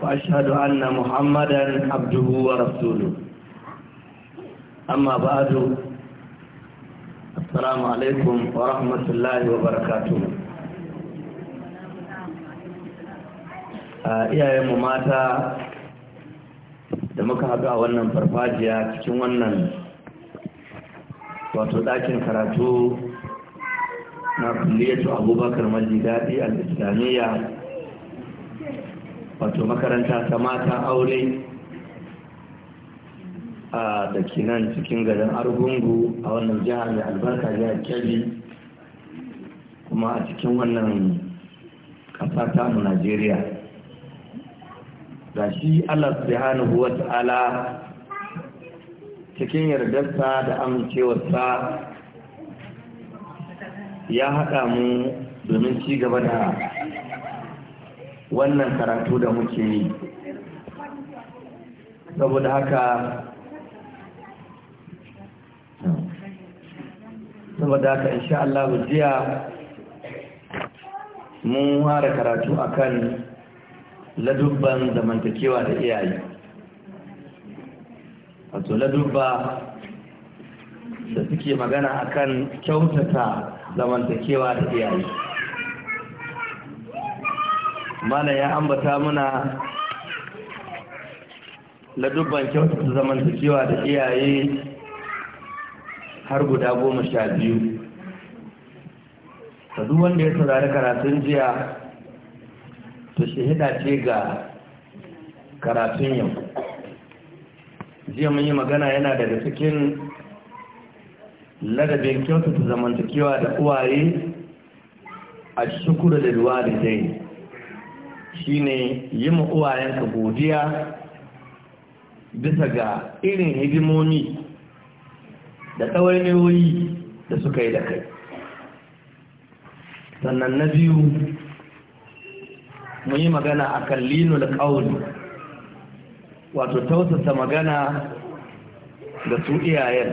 وأشهد أن محمدا عبده ورسوله أما بعد السلام عليكم ورحمة الله وبركاته mu mata da muka haɗu a wannan farfajiya cikin wannan wato ɗakin karatu na kulliyatu abubakar majidadi al-islamiyya wato makaranta ta mata aure a da kinan cikin garin argungu a wannan jihar da albarka jihar kebbi kuma a cikin wannan ƙasa ta najeriya ga shi allah subhanahu wa ta'ala cikin yardarsa da amincewarsa ya haɗa mu domin ci gaba da wannan karatu da muke yi saboda haka saboda haka insha Allah jiya mun ware karatu akan ladubban zamantakewa da iyaye wato ladubba da suke magana akan kyautata zamantakewa da iyaye mana ya ambata muna dubban kyautata zamantakewa da iyaye har guda goma sha biyu ta duk wanda ya saurari karatun jiya ta shahida ce ga karatun yau jiya mun yi magana yana daga cikin ladabin kyautata zamantakewa da uwaye a shukuru da ruwa da zai Shi ne yi ma uwayenka godiya bisa ga irin hidimomi da tsawarniyoyi da suka yi da kai sannan na biyu mu yi magana a kan da wato tausasa magana ga su iyayen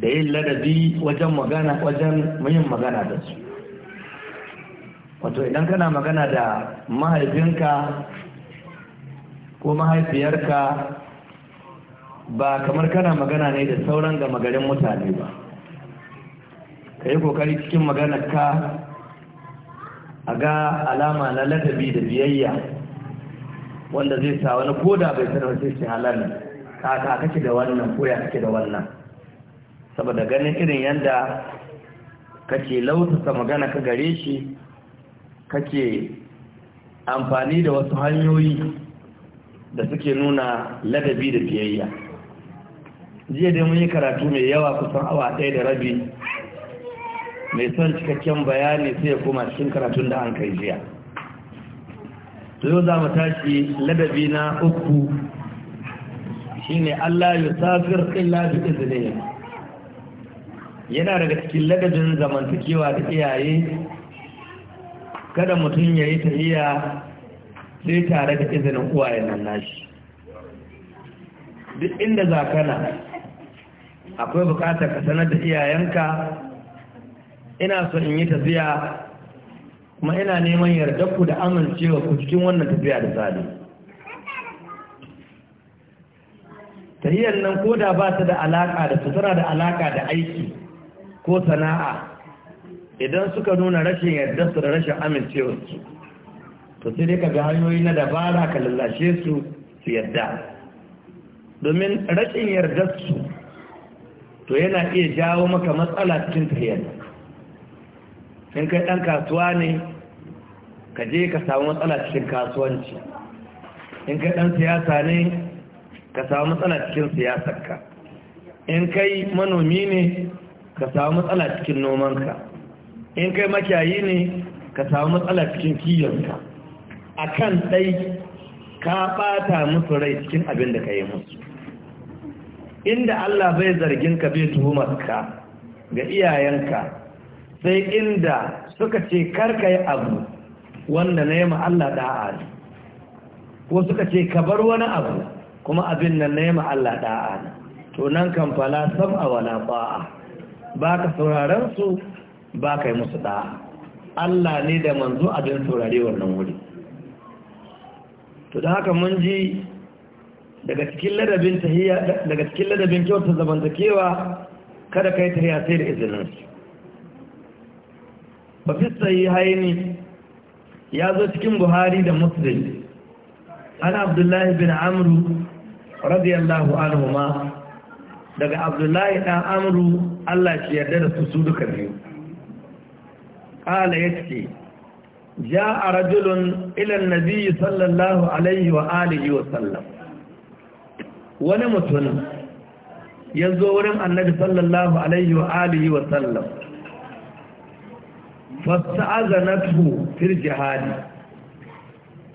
da yin ladabi wajen magana wajen magana da su wato idan kana magana da mahaifinka ko mahaifiyarka ba kamar kana magana ne da sauran gama garin mutane ba ka yi kokari cikin maganarka a ga alama na ladabi da biyayya wanda zai sa wani koda bai sanar sai shi halar kaka kake da wannan ko ya kake da wannan saboda ganin irin yadda kake lautasa magana ka gare shi kake amfani da wasu hanyoyi da suke nuna ladabi da biyayya jiya dai mun yi karatu mai yawa kusan awa ɗaya da rabi mai son cikakken bayani sai ya koma cikin karatun da an kai jiya to yau za mu tashi ladabi na uku shine Allah ya safir illa bi iznihi yana daga cikin ladabin zamantakewa da iyaye kada mutum ya yi tafiya, sai tare da izinin uwayen nan nashi duk inda za kana akwai bukatar ka sanar da iyayenka ina so in yi tafiya kuma ina neman ku da amincewa ku cikin wannan tafiya da tsari tahiyar nan ko da ba ta da alaka da su tana da alaƙa da aiki ko sana'a idan suka nuna rashin yardarsu su da rashin amincewarsu to sai dai ka ga hanyoyi na dabara ka lallashe su su yarda domin rashin yardarsu to yana iya jawo maka matsala cikin tafiyar in kai ɗan kasuwa ne ka je ka samu matsala cikin kasuwanci in kai ɗan siyasa ne ka samu matsala cikin siyasarka in kai manomi ne ka samu matsala cikin nomanka in kai makiyayi ne ka samu matsala cikin kiyonka a kan ɗai ka ɓata musu rai cikin abin da ka yi musu inda Allah bai zargin ka bai ka ga iyayenka sai inda suka ce karka yi abu wanda na yi Allah ɗa'a ne ko suka ce ka bar wani abu kuma abin nan na yi Allah ɗa'a ne to nan kan fala sam'a wala ba ka sauraron su ba kai musu ɗa Allah ne da manzo abin saurare wannan wuri to da haka mun ji daga cikin ladabin tahiyya daga cikin kyautar zamantakewa kada kai tahiyya sai da izinin su ba fi haini ya zo cikin Buhari da Muslim ana Abdullahi bin Amru radiyallahu anhu ma daga Abdullahi dan Amru Allah shi yarda da su su duka biyu ƙala ya ce ja a rajulun ilan nabi sallallahu alaihi wa wa sallam wani mutum ya zo wurin annabi sallallahu alaihi wa alihi wa sallam fasta'azanatu fil jihadi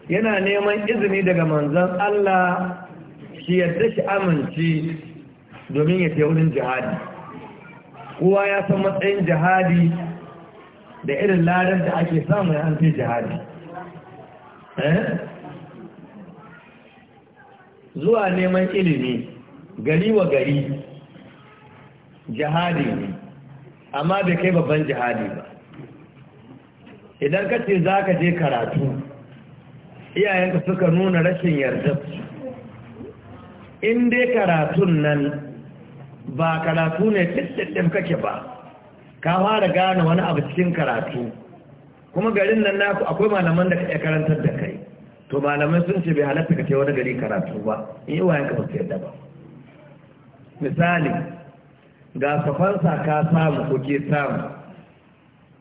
yana neman izini daga manzon Allah shi yadda shi amince domin ya ce wurin jihadi kowa ya san matsayin jihadi da irin larar da ake samun an fi jihadi eh? zuwa neman ilimi gari wa gari jihadi ne amma bai kai babban jihadi ba idan ka ce za ka je karatu iyayenka suka nuna rashin yarda in dai karatun nan ba karatu ne tattattun kake ba ka fara gane wani abu cikin karatu kuma garin nan naku akwai malaman da ka karantar da kai to malamai sun ce bai halatta ka ce wani gari karatu ba in yi wayan ka ba su yadda ba misali ga safansa ka samu ko ke samu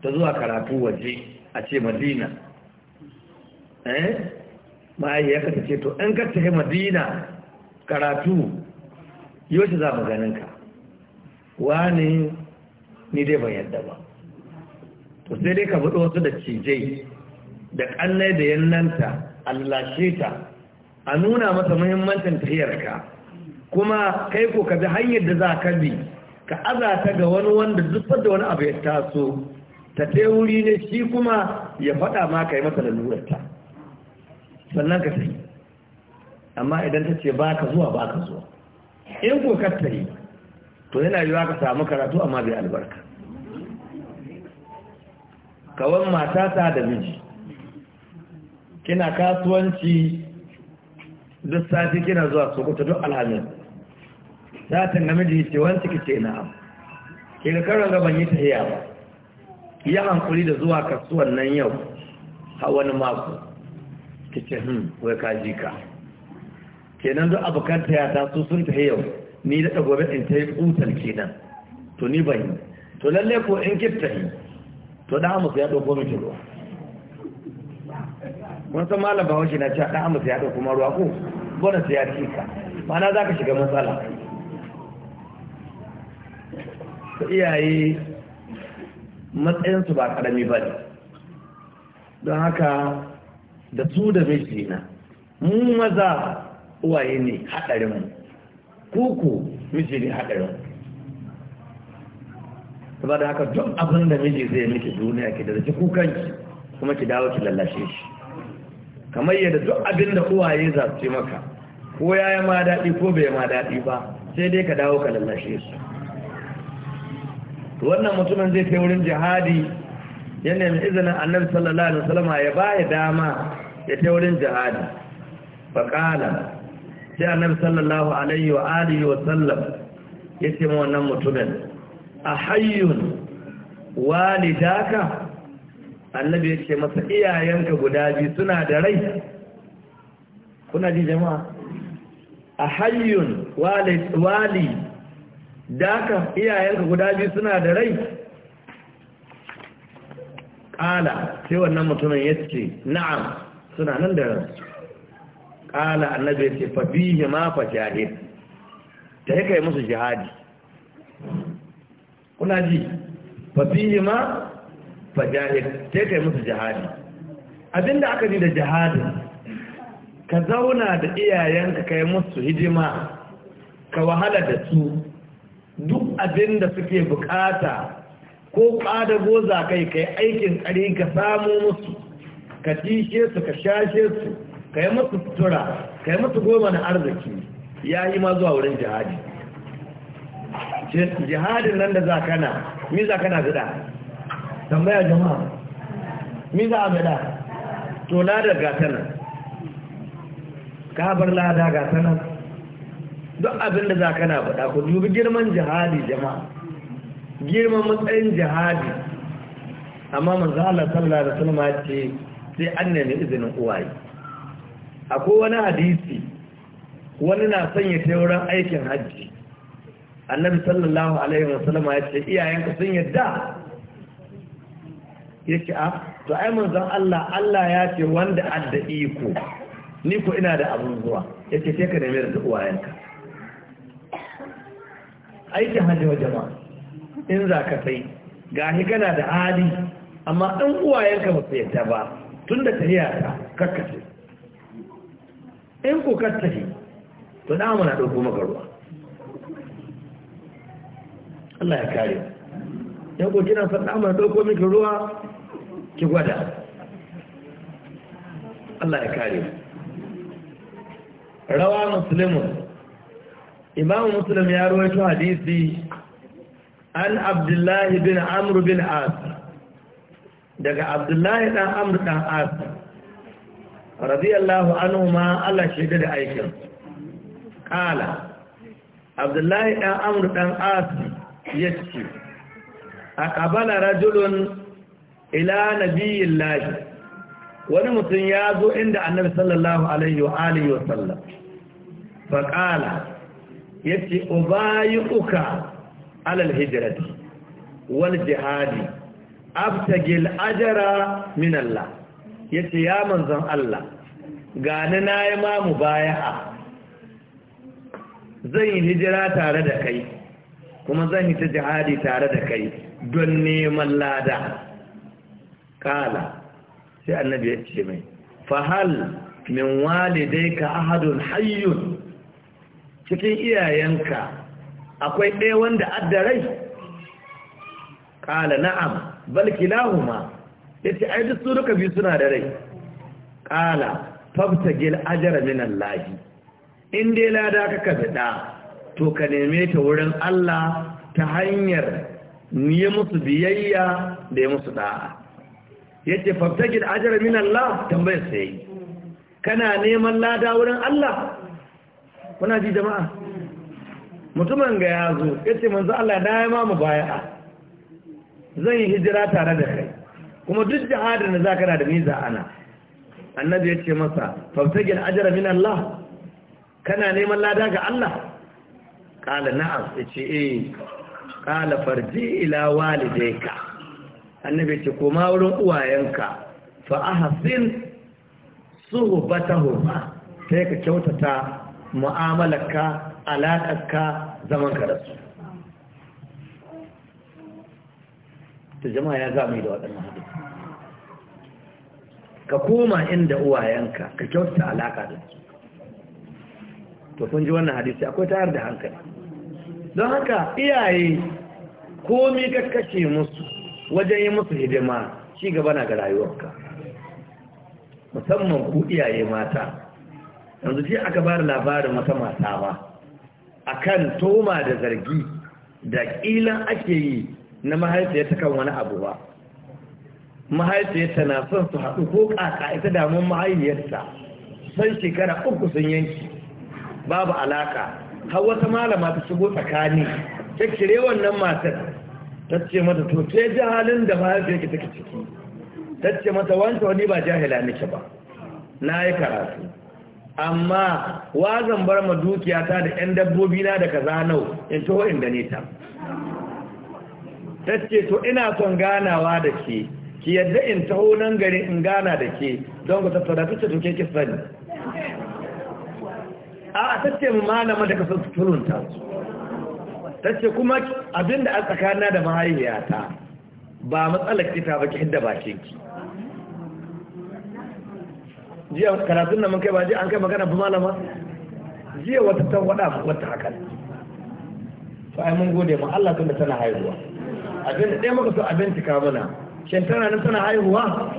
ta zuwa karatu waje a ce madina eh mahaifiyarka ta ce to in ka tafi madina karatu yau za mu ganin ka wani ni dai ban yadda ba to sai dai ka buɗe wasu da cijai da ƙannai da yannanta allashe ta a nuna masa muhimmancin tafiyarka kuma kai ko ka bi hanyar da za ka bi ka azata ga wani wanda duk da wani abu ya taso ta te wuri ne shi kuma ya faɗa ma ka yi masa lalurarta sannan ka tafi amma idan ta ce ba ka zuwa ba ka zuwa in ko ka tafi to yana yi ka samu karatu amma bai albarka kawan mata ta da miji kina kasuwanci duk sati kina zuwa sokoto duk alhamis. satin miji ce wanci kice na'am ke ga gaban yi tahiya ba yi hankuli da zuwa kasuwan nan yau a wani mako kice hmm wai ka ji ka kenan duk abokanta ya taso sun tahi yau ni da gobe in ta yi tsutar kenan to ni bai to lalle ko in kifta yi to da amsa ya dauko miki ruwa wani san malam ba wace na cewa da amsa ya dauko ma ruwa ko bonus ya ci ka mana za ka shiga matsala to iyaye matsayinsu ba karami ba ne don haka da su da miji na mu maza uwaye ne haɗarinmu kuku miji ne haɗarin kuma da haka duk abin da miji zai miki duniya ki da zaki kukanki kuma ki dawo ki lallashe shi kamar yadda duk abin da uwaye za su ce maka ko ya yi ma daɗi ko bai ma daɗi ba sai dai ka dawo ka lallashe su wannan mutumin zai kai wurin jihadi ya nemi izinin annabi sallallahu alaihi wasallam ya ba ya dama ya kai wurin jihadi faqala sai annabi sallallahu alaihi wa alihi wa sallam yace mu wannan mutumin ahayyun walidaka annabi yace masa iyayenka guda biyu suna da rai kuna ji jama'a ahayyun wali daka iyayenka guda biyu suna da rai ƙala sai wannan mutumin yace na'am suna nan da rai. ƙala annabi ce fa bihi ma fa jahid ta yi kai musu jihadi kuna ji fa bihi ma fa jahid ta yi kai musu jihadi abinda aka ji da jihadin ka zauna da iyayenka kai musu hidima ka wahala da su duk abinda suke bukata ko kada goza kai kai aikin ƙari ka samu musu ka tishe su ka shashe su ka yi masu sutura ka yi goma na arziki ya yi ma zuwa wurin jihadi jihadin nan da za kana mi za kana gida tambaya jama'a mi za a gida to ladar gata nan kabar lada gata nan duk abin da za kana faɗa ku dubi girman jihadi jama'a girman matsayin jihadi amma manzo Allah sallallahu alaihi wasallam ya ce sai an nemi izinin uwaye akwai wani hadisi wani na sanya ta wurin aikin hajji annabi sallallahu alaihi wasallam ya ce iyayenka sun yadda yake a ah, to ai manzon Allah Allah ya ce wanda adda iko ni ko ina da abun zuwa yake sai ka nemi da uwayenka aikin hajji wa jama'a in za ka sai gashi kana da hali amma in uwayenka ba su yadda ba tunda tariya tafiya ta kakkace in ku kattafi to da muna ɗauko maka ruwa Allah ya kare yan ku kina san da ɗauko miki ruwa ki gwada Allah ya kare rawa muslimun imamu muslim ya rawaito hadisi an abdullahi bin Amru bin as daga abdullahi dan Amru dan as radiyallahu anhu ma Allah shaida da aikin kala abdullahi dan amru dan asi yace akabala rajulun ila nabiyillahi wani mutum ya zo inda annabi sallallahu alaihi wa alihi wa sallam fa kala yace ubayuka ala alhijrati wal jihadi abtagil ajra min Allah yace ya manzon Allah gani na yi ma mu baya zan yi hijira tare da kai kuma zan yi ta jihadi tare da kai don neman lada kala sai annabi ya ce mai fahal min walidai ka ahadun hayyun cikin iyayenka akwai ɗaya wanda addarai kala na'am balki lahuma ya ce ai duk su biyu suna da rai kala fabtagil ajara minan lahi, in dai lada ka ka bida to ka neme ta wurin Allah ta hanyar yi musu biyayya da ya musu da'a yace fabtagil ajara minan lahi, tambayar sai kana neman lada wurin Allah kuna ji jama'a mutumin ga ya zo ce manzu Allah na ya mamu baya baya'a zan yi hijira tare da kai kuma duk jihadin da ka da ni za ana annabi ya ce masa fabtagil ajra min Allah kana neman lada ga Allah Kala na'am yace eh kala farji ila walidayka annabi ya ce koma wurin uwayenka fa ahsin suhbatahuma sai ka kyautata mu'amalarka alaƙarka zaman ka da su ta jama'a ya zama da waɗannan hadisi ka koma inda uwayenka ka kyauta alaka da su to kun ji wannan hadisi akwai tayar da hankali don haka iyaye komi ka kashe musu wajen yi musu hidima ci gaba na ga rayuwarka musamman ku iyaye mata yanzu ji aka bada labarin wata mata ba akan toma da zargi da ƙilan ake yi na mahaifiyar ta kan wani abu ba mahaifiyarta na son su haɗu ko ƙaƙa ita damun mahaifiyarta sai shekara uku sun yanki babu alaka har wata malama ta shigo tsakani ta kire wannan matar ta ce mata to ce ji halin da mahaifiyarki take ciki ta ce mata wanta wani ba jahila nake ba na yi karatu amma wa zan bar ma dukiyata da 'yan dabbobi na da kaza nau in taho inda ne ta ce to ina son ganawa da ke ki yadda in taho nan gari in gana da ke don ku tattauna ta ce ki sani a ta ce malama da kasar turunta ta ce kuma abinda a tsakanina da mahaifiyata ba matsalar kita ba ki hidda bakin ki jiya karatun nan mun kai ba ji an kai magana ba malama jiya wata ta wada wata haka to ai mun gode ma Allah da tana haihuwa abin da ɗaya muka so abin cika mana shin tana nan tana haihuwa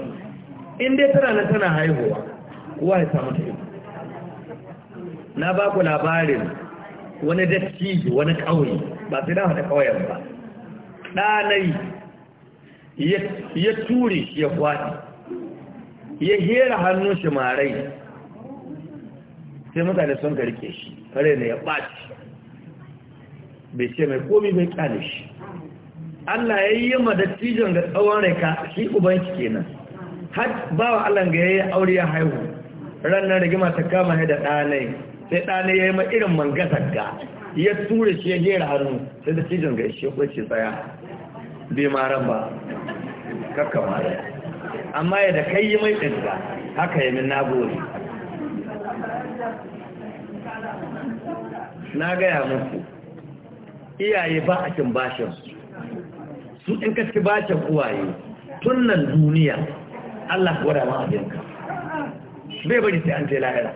in dai tana nan tana haihuwa kowa ya samu ta na ba ku labarin wani datti wani ƙauye ba sai na haɗa ƙauyen ba ɗanai ya ture ya kwaɗi ya hera hannun shi marai sai mutane sun garke shi kare ne ya ɓaci bai ce mai komi bai ƙyale shi Allah ya yi ma dattijon ga tsawon rai ka shi ubanki kenan har ba wa Allah ga yayi aure ya haihu ranar rigima ta kama da ɗanai sai ɗanai ya yi ma irin mangasar ga ya tura shi ya jera hannu sai dattijon ga shi ya tsaya bai maran ba kakka mara amma ya da kai yi mai tsinta haka yi min nagori na gaya muku iyaye ba a cin bashinsu su in ba can uwaye tun nan duniya Allah ya gwada a abinka bai bari sai an ce lahira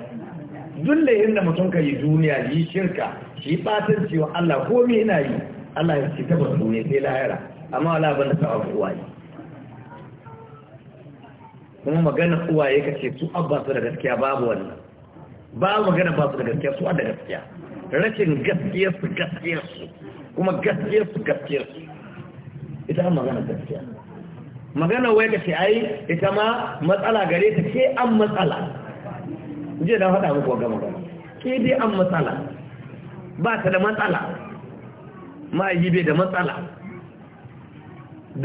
duk yin da mutum ka yi duniya yi shirka shi fatan cewa Allah ko me ina yi Allah ya ce tabbas duniya sai lahira amma wala ban da sawa uwaye kuma magana uwaye ka ce su abba su da gaskiya babu wannan ba magana ba su da gaskiya su da gaskiya rashin gaskiyarsu gaskiyarsu kuma gaskiyarsu gaskiyarsu ita an magana gaskiya magana wai da ke ai ita ma matsala gare ta ke an matsala je da faɗa muku ga magana ke dai an matsala ba ta da matsala yi bai da matsala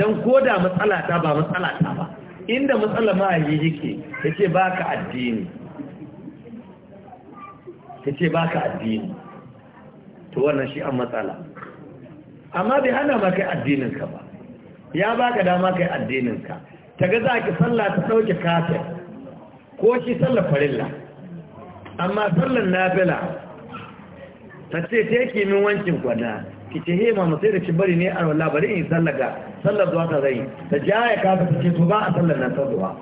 don ko da matsala ta ba matsala ta ba inda matsala yi yake ta ce ba ka addini ta ce ba ka addini to wannan shi an matsala amma bai hana ma kai ka ba ya baka dama kai addininka ta ga za ki sallah ta ɗauke kafin ko shi sallar farilla amma sallar nafila ta ce ta yake min wancin kwana ki ce he mama sai da ki bari ne a wallah bari in sallah ga sallar zuwa ta zai ta jaya kafa ta ce to ba a sallar nan ta zuwa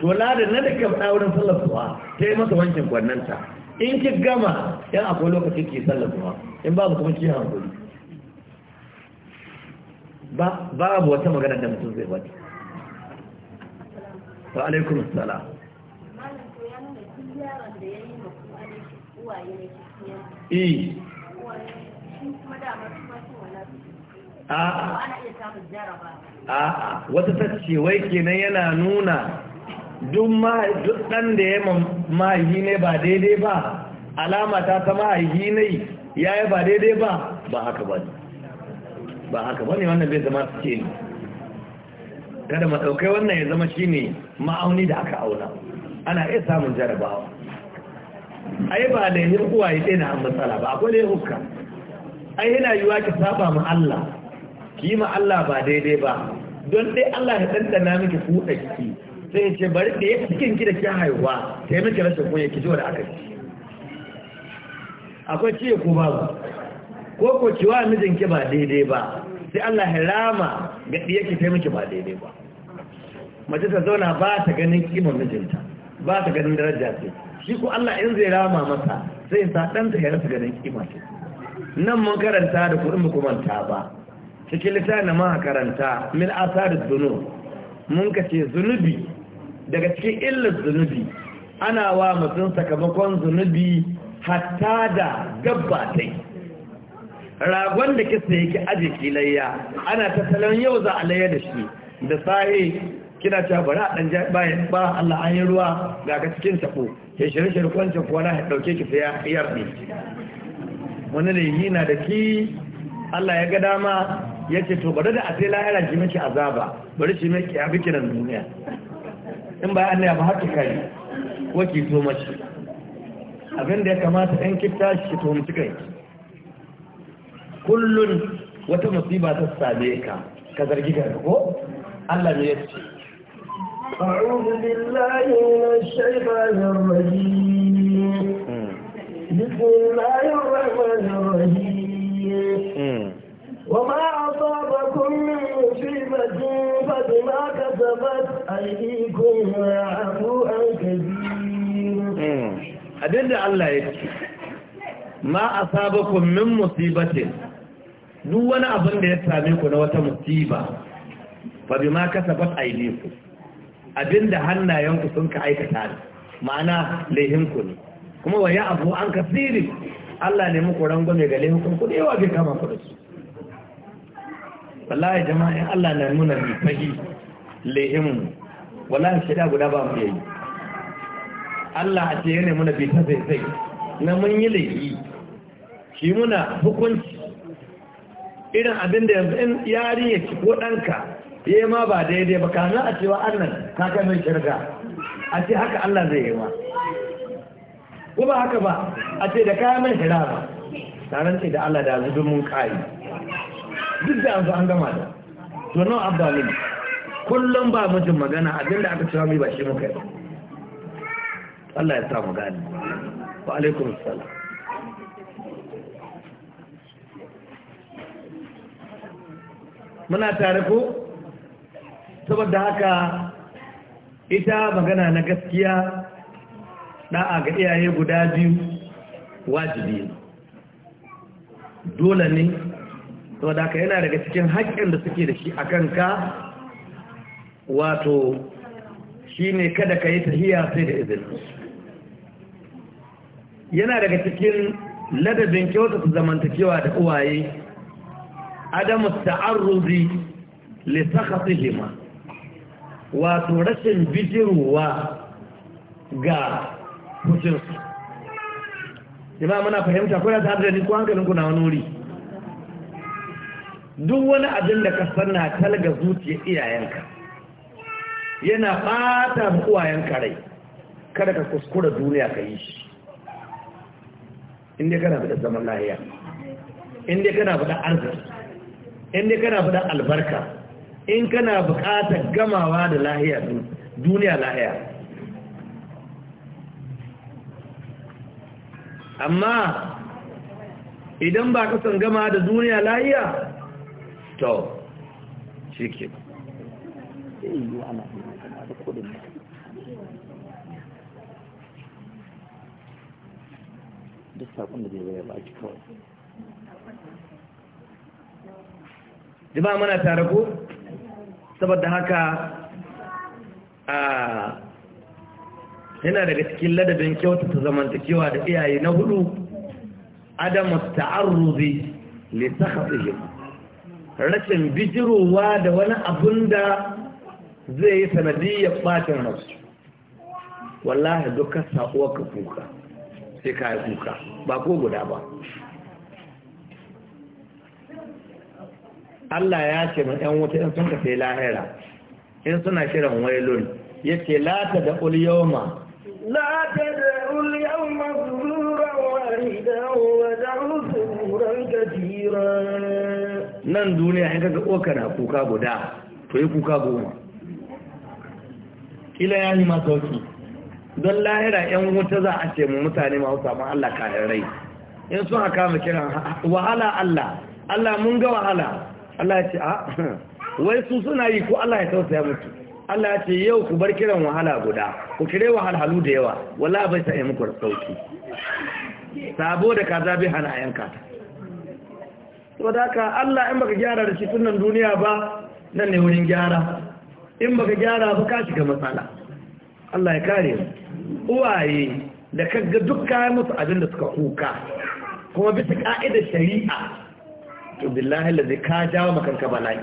to da na da ke sallar zuwa ta yi masa wancin ta, in ki gama yan akwai lokaci ki sallar zuwa in babu kuma ki hankali Ba ba wata magana da mutum zai wani wa alaikum salam eh a'a wata tacce wai kenan yana nuna duk ɗan da ya yi ne ba daidai ba alama ta ta mahaihi ne ya yi ba daidai ba ba haka ba ne ba haka bane wannan bai zama su ce ne kada maɗaukai wannan ya zama shi ne ma'auni da aka auna ana iya samun jarabawa ai ba da yin ya ɗaya an matsala ba akwai da ya hukka ai yana yiwa ki saba ma Allah ki yi ma Allah ba daidai ba don dai Allah ya ɗanɗana miki kuɗa ki sai ya ce bari da ya cikin ki da ki haihuwa ta yi miki rashin kunya ki ji da aka ci akwai ciye ko babu ko ko mijin mijinki ba daidai ba sai Allah ya rama ga ki ta miki ba daidai ba mace ta zauna ba ta ganin kimar mijinta ba ta ganin daraja ce shi ko Allah in zai rama mata sai ta dan ta yarda ganin kima ce nan mun karanta da kuɗin mu ba cikin littafin da muka karanta min asarud dunu mun kace zunubi daga cikin illar zunubi ana wa mutum sakamakon zunubi hatta da gabbatai ragon da kisa yake aji kilayya ana ta yau za a layar da shi da sahi kina ta bari a ɗan bayan ba Allah an yi ruwa ga ka cikin taɓo, ya shirye shirye kwancin kuwa na ɗauke ki sai ya yarɗe wani da yi na da ki Allah ya ga dama ya ce to bari da a sai lahira ki miki azaba bari shi miki a nan duniya in ba Allah ya ba haka kai ki to mace abin da ya kamata ɗan ki shi ki to kullun wata musiba ta same ka zargi ka ko Allah ne ya ce a'udhu billahi minash shaitanir rajim hmm. bismillahir rahmanir rahim hmm. wa ma asabakum min musibatin fa bima kasabat aydikum wa afu an kabir hmm. abinda Allah ya ce ma asabakum min musibatin duk wani abin da ya same ku na wata musiba fa yi ku abin abinda hannayenku sun ka aikata ne. ma'ana laihinku ne kuma wa ya abu an kasiri Allah ne muku rangwame ga lehukun ku yawa bai kama ku da su wallahi jama'a in Allah na nuna mai fahi laihinmu wallahi shida guda ba mu yayi Allah a ce yana muna bi ta sai sai na mun yi laihi shi muna hukunci irin abin da yanzu in yari ya ci ko ɗanka ya ma ba daidai ba ka a cewa annan ka kai mai shirga a ce haka Allah zai yi ma ko ba haka ba a ce da kaya mai shira ba taron ce da Allah da zubin mun kayi duk da an zo an gama da to nawa abba kullum ba mutum magana abinda aka cewa mai ba shi muka yi Allah ya sa mu gani wa alaikum salam muna tare ko saboda haka ita magana na gaskiya da'a ga iyaye guda biyu wajibi dole ne saboda haka yana daga cikin haƙƙin da suke da shi a ka wato shi ne kada ka yi tahiya sai da izini yana daga cikin ladabin kyautata su zamantakewa da uwaye adamu ta'arruzi li sakhatihima wato rashin bijirwa ga hukuncinsu jama'a na fahimta ko ya ta da ni ko hankalin ku na wani duk wani abin da ka sanna talga zuciya iyayenka yana mu uwayen rai kada ka kuskura duniya ka yi shi inda kana da zaman lahiya inda kana da arziki in dai kana faɗin albarka in kana buƙatar gamawa da lahiya duniya lahiya amma idan ba ka san gama da duniya lahiya to shi ke duk saƙon da zai bayar ba a kawai ba mana tare ko saboda haka a yana daga cikin ladabin kyautata zamantakewa da iyaye na hudu adamu ta'arruzi li sakhatihi rashin bijirowa da wani abun da zai yi sanadiyyar bacin rasu wallahi dukkan saƙuwar ka kuka sai ka yi kuka ba ko guda ba Allah ya ce ma ‘yan wuta in sun sai lahira in suna shirin wailun ya ce lata da ulyoma lata da ulyoma zururan wahida wa da'u zururan gajira nan duniya in kaga oka kuka guda to yi kuka goma kila ya yi masauki don lahira ‘yan wuta za a ce mu mutane ma samu Allah kayan rai in sun haka mu kiran wahala Allah Allah mun ga wahala Allah ya ce a ah, wai su suna yi ko Allah ya tausaya mutu Allah ya ce yau ku bar kiran wahala guda ku kire wahalhalu da yawa wallahi bai sa muku da sauki sabo da kaza bai hana yanka ta saboda ka Allah in baka gyara da shi tunan duniya ba nan ne wurin gyara in baka gyara ba ka shiga matsala Allah ya kare mu uwaye da kaga duk kayan musu abin da suka kuka kuma bisa ka'idar shari'a to billahi lazi ka jawo makanka bala'i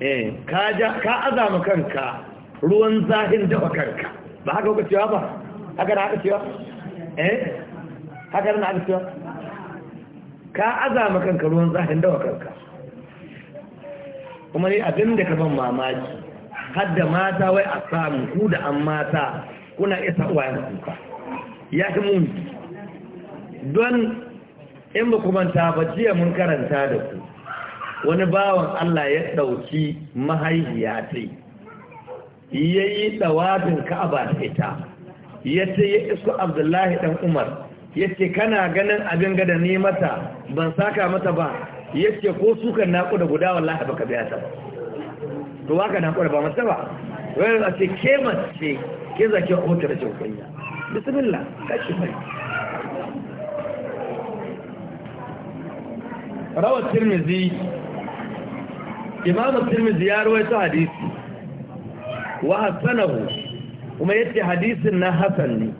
eh ka ja ka azama kanka ruwan zahin da kanka ba haka kuka cewa ba haka na haka cewa eh haka na haka cewa ka azama kanka ruwan zahin da kanka kuma ne abin da ka ban mamaki har da mata wai a samu ku da an mata kuna isa wayan kuka ya fi don in ba kuma ba jiya mun karanta da ku wani bawan Allah ya ɗauki mahaifiya ta ya yi ɗawabin ka'aba da ita ya ce ya isko abdullahi dan umar ya ce kana ganin abin gada ne mata ban saka mata ba ya ce ko sukan naƙuda guda wallahi baka biya ta ba to waka naƙuda ba mata ba wani a ce ke ke zake hotar da bismillah kashi mai rawar tirmizi imamu tirmizi ya ruwaito hadisi wa hassanahu kuma yadda hadisin na Hassan ne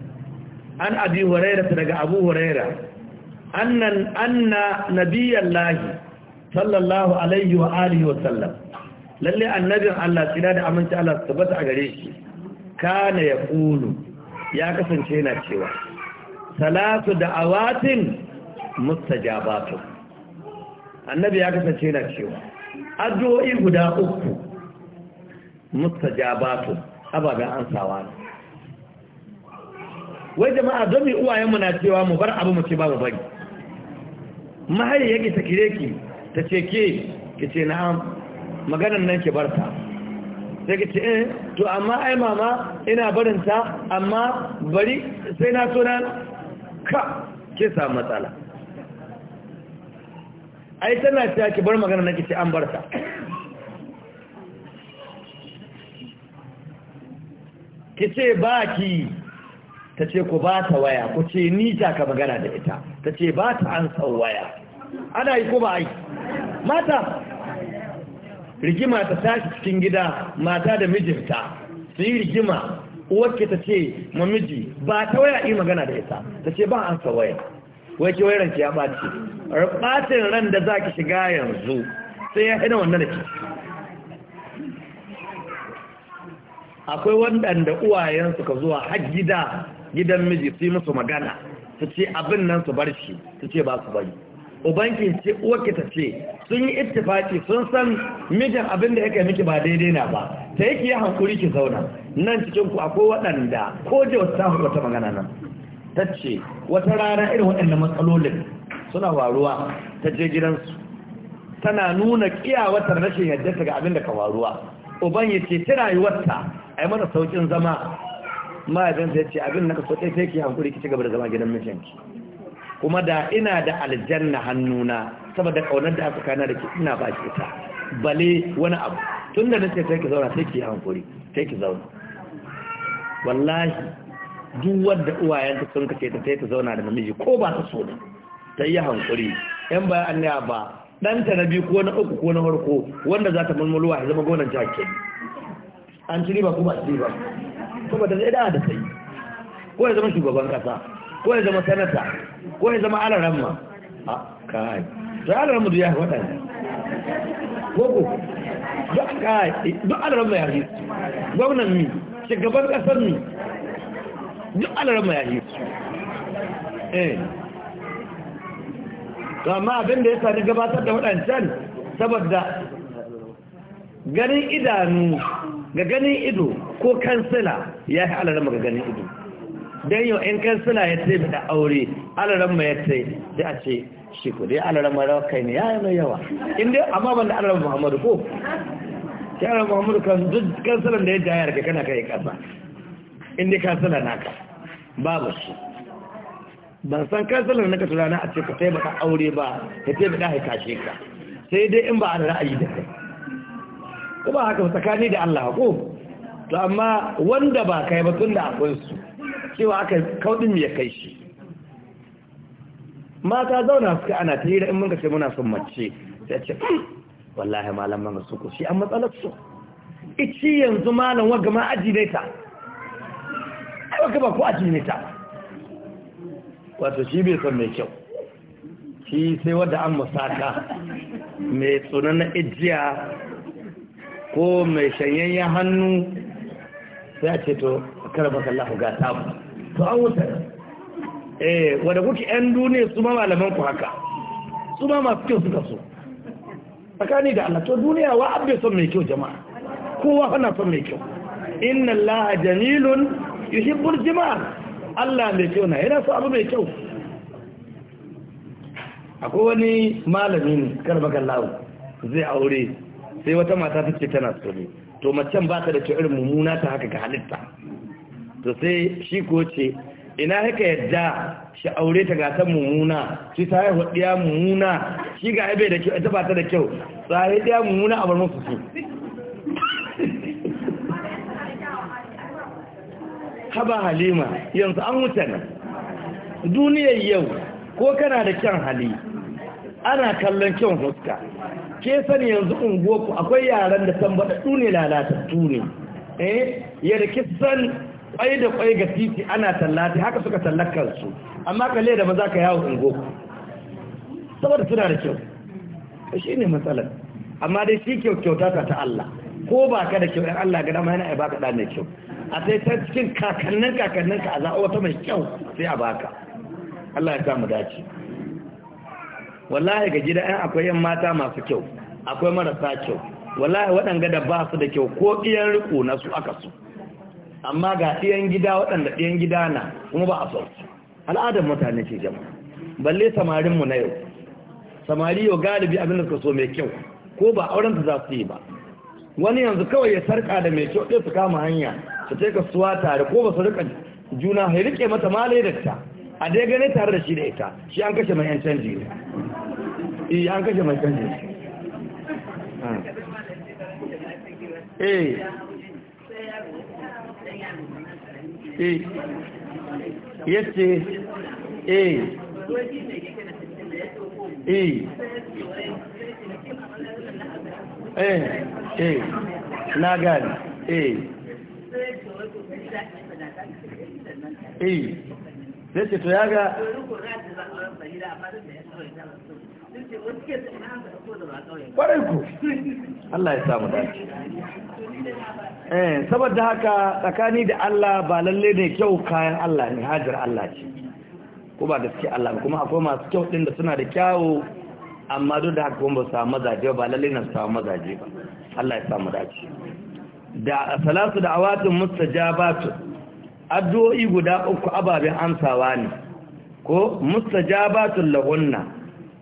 an abi huraira daga abu huraira annan anna nabiyallahi sallallahu alaihi wa alihi wa sallam lalle annabin Allah tsira da aminci Allah tabbata a gare shi kana ya kulu ya kasance yana cewa salatu da awatin jabatu. annabi ya kasance na cewa addu'o'i guda uku mustajabatu ababen ansawa ne wai jama'a don mai uwayenmu na cewa mu bar abu mu ce ba bari mahayi yake ta kire ki ta ce ke ki ce na'am maganan nan ki barta sai ki ce eh to amma ai mama ina barinta amma bari sai na so na ka ke samu matsala ai tana ta ki bar magana nake ce an barta ki ce ba ki ta ce ku ba ta waya ku ce ni ta ka magana da ita ta ce ba ta an sau waya ana yi ko ba yi mata rigima ta tashi cikin gida mata da mijinta su yi rigima uwarki ta ce mamiji ba ta waya yi magana da ita ta ce ba an sau waya wai ki wayar ki ya ɓaci rubatin ran da zaki shiga yanzu sai ya haina wannan da ke akwai waɗanda uwayensu ka zuwa har gida gidan miji su yi musu magana su ce abin nan su bar su ce ba su bari ubanki ce uwarki ta ce sun yi ittifaki sun san mijin abin da yake miki ba daidai na ba ta yake yi hankuri ki zauna nan cikin ku akwai waɗanda ko da wata wata magana nan ta ce wata rana irin waɗannan matsalolin suna waruwa ta je gidansu tana nuna kiyawatar rashin yadda ga abin da ka waruwa uban ya ce yi wata a yi mana saukin zama mahaifinsa ya ce abin na ka so sai ke hankuri ki ci gaba da zama gidan mijinki kuma da ina da aljanna hannuna saboda kaunar da aka kana da ke ina ba shi ita bale wani abu tun da nace sai ki zauna sai ki hankuri sai ki zauna wallahi duk wanda uwayen ta sun kace ta sai ta zauna da namiji ko ba ta so ne ta yi hankuri yan bayan an ya ba ɗanta na biyu ko na uku ko na farko wanda za ta mulmulwa ya zama gonan jihar an ci riba kuma ci riba kuma da zai da ta yi, ko ya zama shugaban kasa ko ya zama sanata ko ya zama ma, a kai to mu duk ya haɗa ne ko duk kai duk mu ya yi gwamnan mi shugaban kasar mi duk mu ya yi eh to amma abin da ya sami gabatar da waɗancan saboda ganin idanu ga ganin ido ko kansila ya yi alarama ga ganin ido don yau in kansila ya ce da aure alarama ya ce da a ce shi ku dai alarama rawa kai ne ya yi mai yawa inda amma ban da alarama muhammadu ko yaran muhammadu kan duk kansila da ya jayar ka kana kai kasa inda kansila naka babu shi ban san kansalar na ka tunana a ce ka taimaka aure ba ka taimaka haika ce ka sai dai in ba a ra'ayi da kai ko ba haka tsakani da Allah ko to amma wanda ba kai ba tunda da akwai su cewa aka kaudin ya kai shi mata zauna suka ana ta hira in mun ka ce muna son mace sai ce hmm, wallahi malam man su ko shi an matsalar su ici yanzu malam wa ma aji ne ta ai ba ko aji ne ta wato shi bai son mai kyau shi sai wadda an musaka mai tsunan ijiya ko mai shanyayyen hannu sai a ce to karbaka Allah ga tabu to an wuta eh wadda kuke yan duniya su ma malaman ku haka su ma masu kyau suka so tsakani da Allah to duniya wa abin son mai kyau jama'a kowa ana son mai kyau inna Allah jamilun yuhibbul jama'a Allah mai kyau na yana so abu mai kyau akwai wani malami ne karbakan lawo zai aure sai wata mata ta ce tana so ne to macen ba ta da kyau irin mummuna ta haka ga halitta to sai shi ko ce ina haka yadda shi aure ta gasar mummuna shi ta haihu ɗiya mummuna shi ga aibe da kyau ita ba ta da kyau ta haihu ɗiya mummuna a bar musu su haba halima yanzu an wuce nan duniyar yau ko kana da kyan hali ana kallon kyan huska ke sani yanzu unguwarku akwai yaran da bada ne lalatattu ne eh ki kisan kwai da kwai ga titi ana tallata haka suka tallakar su amma kalle da maza ka yawo ungoku saboda suna da kyau shi ne matsalar amma dai shi kyau kyauta ta Allah ko ba ka da kyau ɗan Allah ga dama yana a baka ɗan mai kyau a sai ta cikin kakannin kakannin ka a za'a wata mai kyau sai a baka Allah ya samu dace wallahi ga gida ɗan akwai yan mata masu kyau akwai marasa kyau wallahi waɗanda da ba su da kyau ko ɗiyan riko na su aka su amma ga ɗiyan gida waɗanda ɗiyan gida na kuma ba a so al'adar mutane ce jama'a balle samarinmu na yau samari yau galibi abin da suka so mai kyau ko ba auren ta za su yi ba wani yanzu kawai ya sarka da mai kyau ɗaya su kama hanya su ta suwa tare ko ba su rika juna ya rike mata da ta a dai gane tare da shi da ita shi an kashe mai yan canji ne eh an kashe mai canji ah. eh eh yace eh eh eh eh na gani eh eh zai ce to ya ga Allah ya samu dace eh saboda haka tsakani da Allah ba lalle ne kyau kayan Allah ne hajar Allah ce ko ba da suke Allah kuma akwai masu kyau ɗin da suna da kyawu amma duk da haka kuma ba su samu mazaje ba lalle na su samu mazaje ba Allah ya samu dace da salatu da awatin mustajabatu addu'o'i guda uku ababen amsawa ne ko Mustajabatu lahunna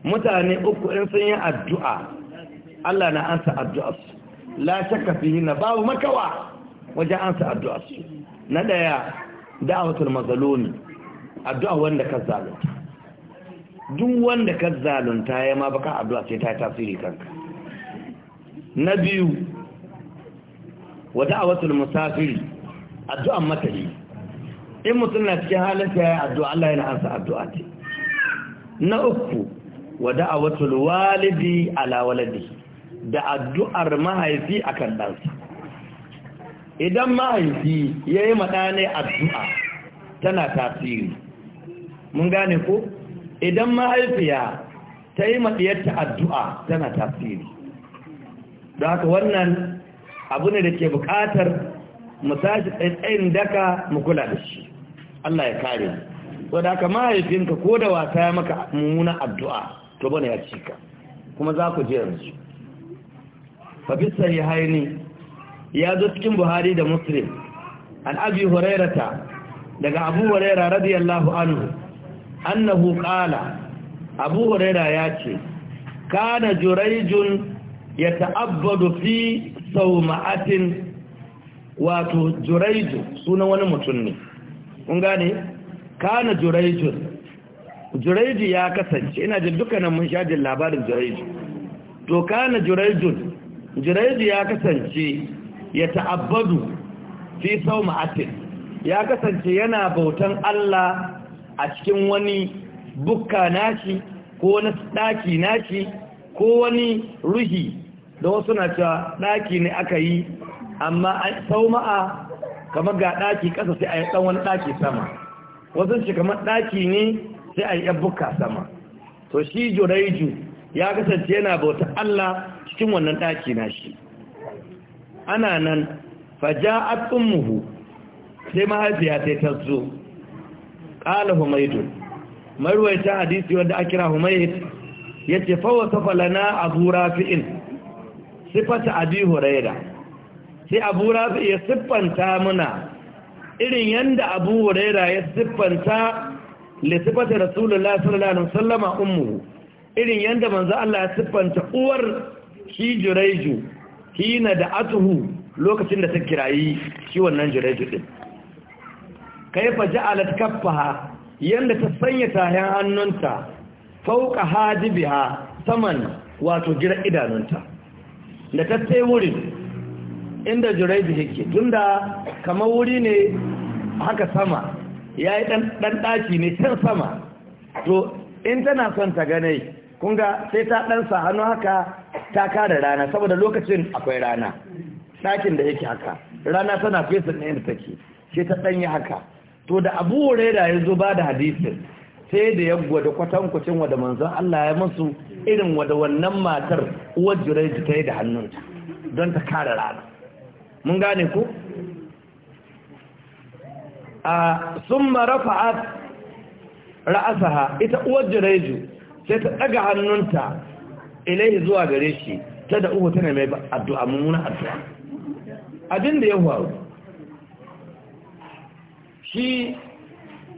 mutane uku in sun yi addu'a Allah na ansa su. la shakka fihi na babu makawa wajen ansa su. na daya da'awatul mazalumi addu'a wanda ka zalunta duk wanda ka zalunta ya ma baka addu'a sai ta tasiri kanka na biyu wa da'awatul musafiri addu'an matari in mutum na cikin halin ya yi addu'a Allah yana ansa addu'a ce na uku wa da'awatul walidi ala waladi da addu'ar mahaifi a kan ɗansa idan mahaifi ya yi maɗane addu'a tana tasiri mun gane ku? idan mahaifiya ta yi maɗiyarta addu'a tana tasiri don haka wannan abu ne da ke bukatar mu tsaitsayin daka mu kula da shi Allah ya kare wadda da haka mahaifinka ko da wata ya maka mummuna addu'a to bane ya cika kuma za ku je su fafisar ya haini ya zo cikin buhari da muslim an abi hurairata daga abu huraira radiyallahu anhu annahu kala abu huraira ya ce kana juraijun ya ta'abbadu fi sauma'atin wato juraiju sunan wani mutum ne kun gane kana juraiju juraiju ya kasance ina jin dukkanin mun sha labarin juraiju to kana juraiju juraiju ya kasance ya ta'abbadu fi sauma'atin ya kasance yana bautan Allah a cikin wani bukka nashi ko wani daki nashi ko wani ruhi da wasu na cewa ɗaki ne aka yi amma ma'a kamar ga ɗaki ƙasa sai a yi ɗan wani ɗaki sama wasu shi kamar ɗaki ne sai a yi ƴabbuka sama to shi juraiju ya kasance yana bauta Allah cikin wannan ɗaki na shi ana nan a ummuhu sai mahaifiya sai ta zo qala humaydun marwaita hadisi wanda a kira ya ce fawa wasafa lana zura fi'in sifata abi huraira sai abu rafi ya siffanta muna irin yanda abu huraira ya siffanta le sifata rasulullah sallallahu alaihi wasallam ummu irin yanda manzo Allah ya siffanta uwar shi juraiju na da atuhu lokacin da ta kirayi shi wannan juraiju din kaifa ja'alat kaffaha yanda ta sanya tayan hannunta fauka hajibiha saman wato jira idanunta da ta sai wurin inda juraidu yake tunda kamar wuri ne haka sama ya yi ɗan ɗaki ne can sama to in tana son ta ganai kunga sai ta ɗansa hannu haka ta kada rana saboda lokacin akwai rana ɗakin da yake haka rana tana fesa na yadda take sai ta ɗanyi haka to da abu da ya zo ba da hadisin sai da ya gwada kwatankwacin wada manzan Allah ya masu irin wada wannan matar uwar jiraiji ta yi da hannunta don ta kare rana mun gane ku a sun marafa'at ra'asaha ita uwar jiraiji sai ta ɗaga hannunta ilai zuwa gare shi ta da uku tana mai addu'a mummunan addu'a abin da ya faru shi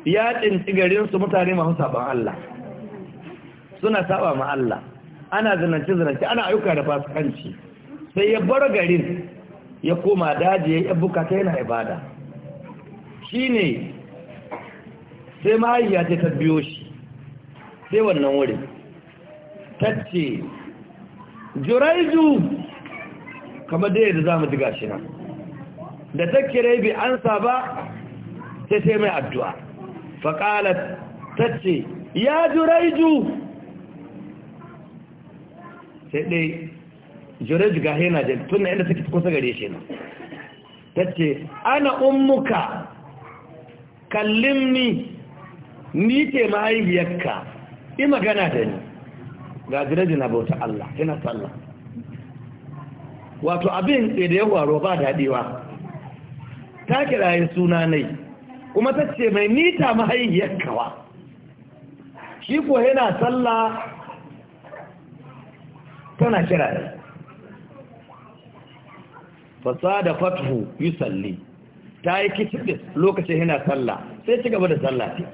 ya tsinci garinsu mutane masu saban Allah suna saba ma Allah ana zinanci zinance ana ayyuka da fasikanci sai ya bar garin ya koma daji ya bukata yana ibada Shi ne sai mahaifiya ta biyo shi sai wannan wurin ce juraizu kamar da yadda za mu diga shi nan da ta kira bi an saba sai sai mai addu'a faƙalat ta ce ya juraiju sai ɗai juraiju ga hena da tun inda suke kusa gare shi nan ta ce ana ummuka kallin ni ni ce mahaifiyarka yi magana da ni ga jiraji na bauta Allah ina sallah wato abin da ya waro ba daɗewa ta kiraye suna nai kuma ta ce mai nita mahaihiyar kawa shi ko yana sallah tana kira ne fasa da fatuhu yi salli ta yi kicibis lokacin yana sallah sai ci gaba da sallah ce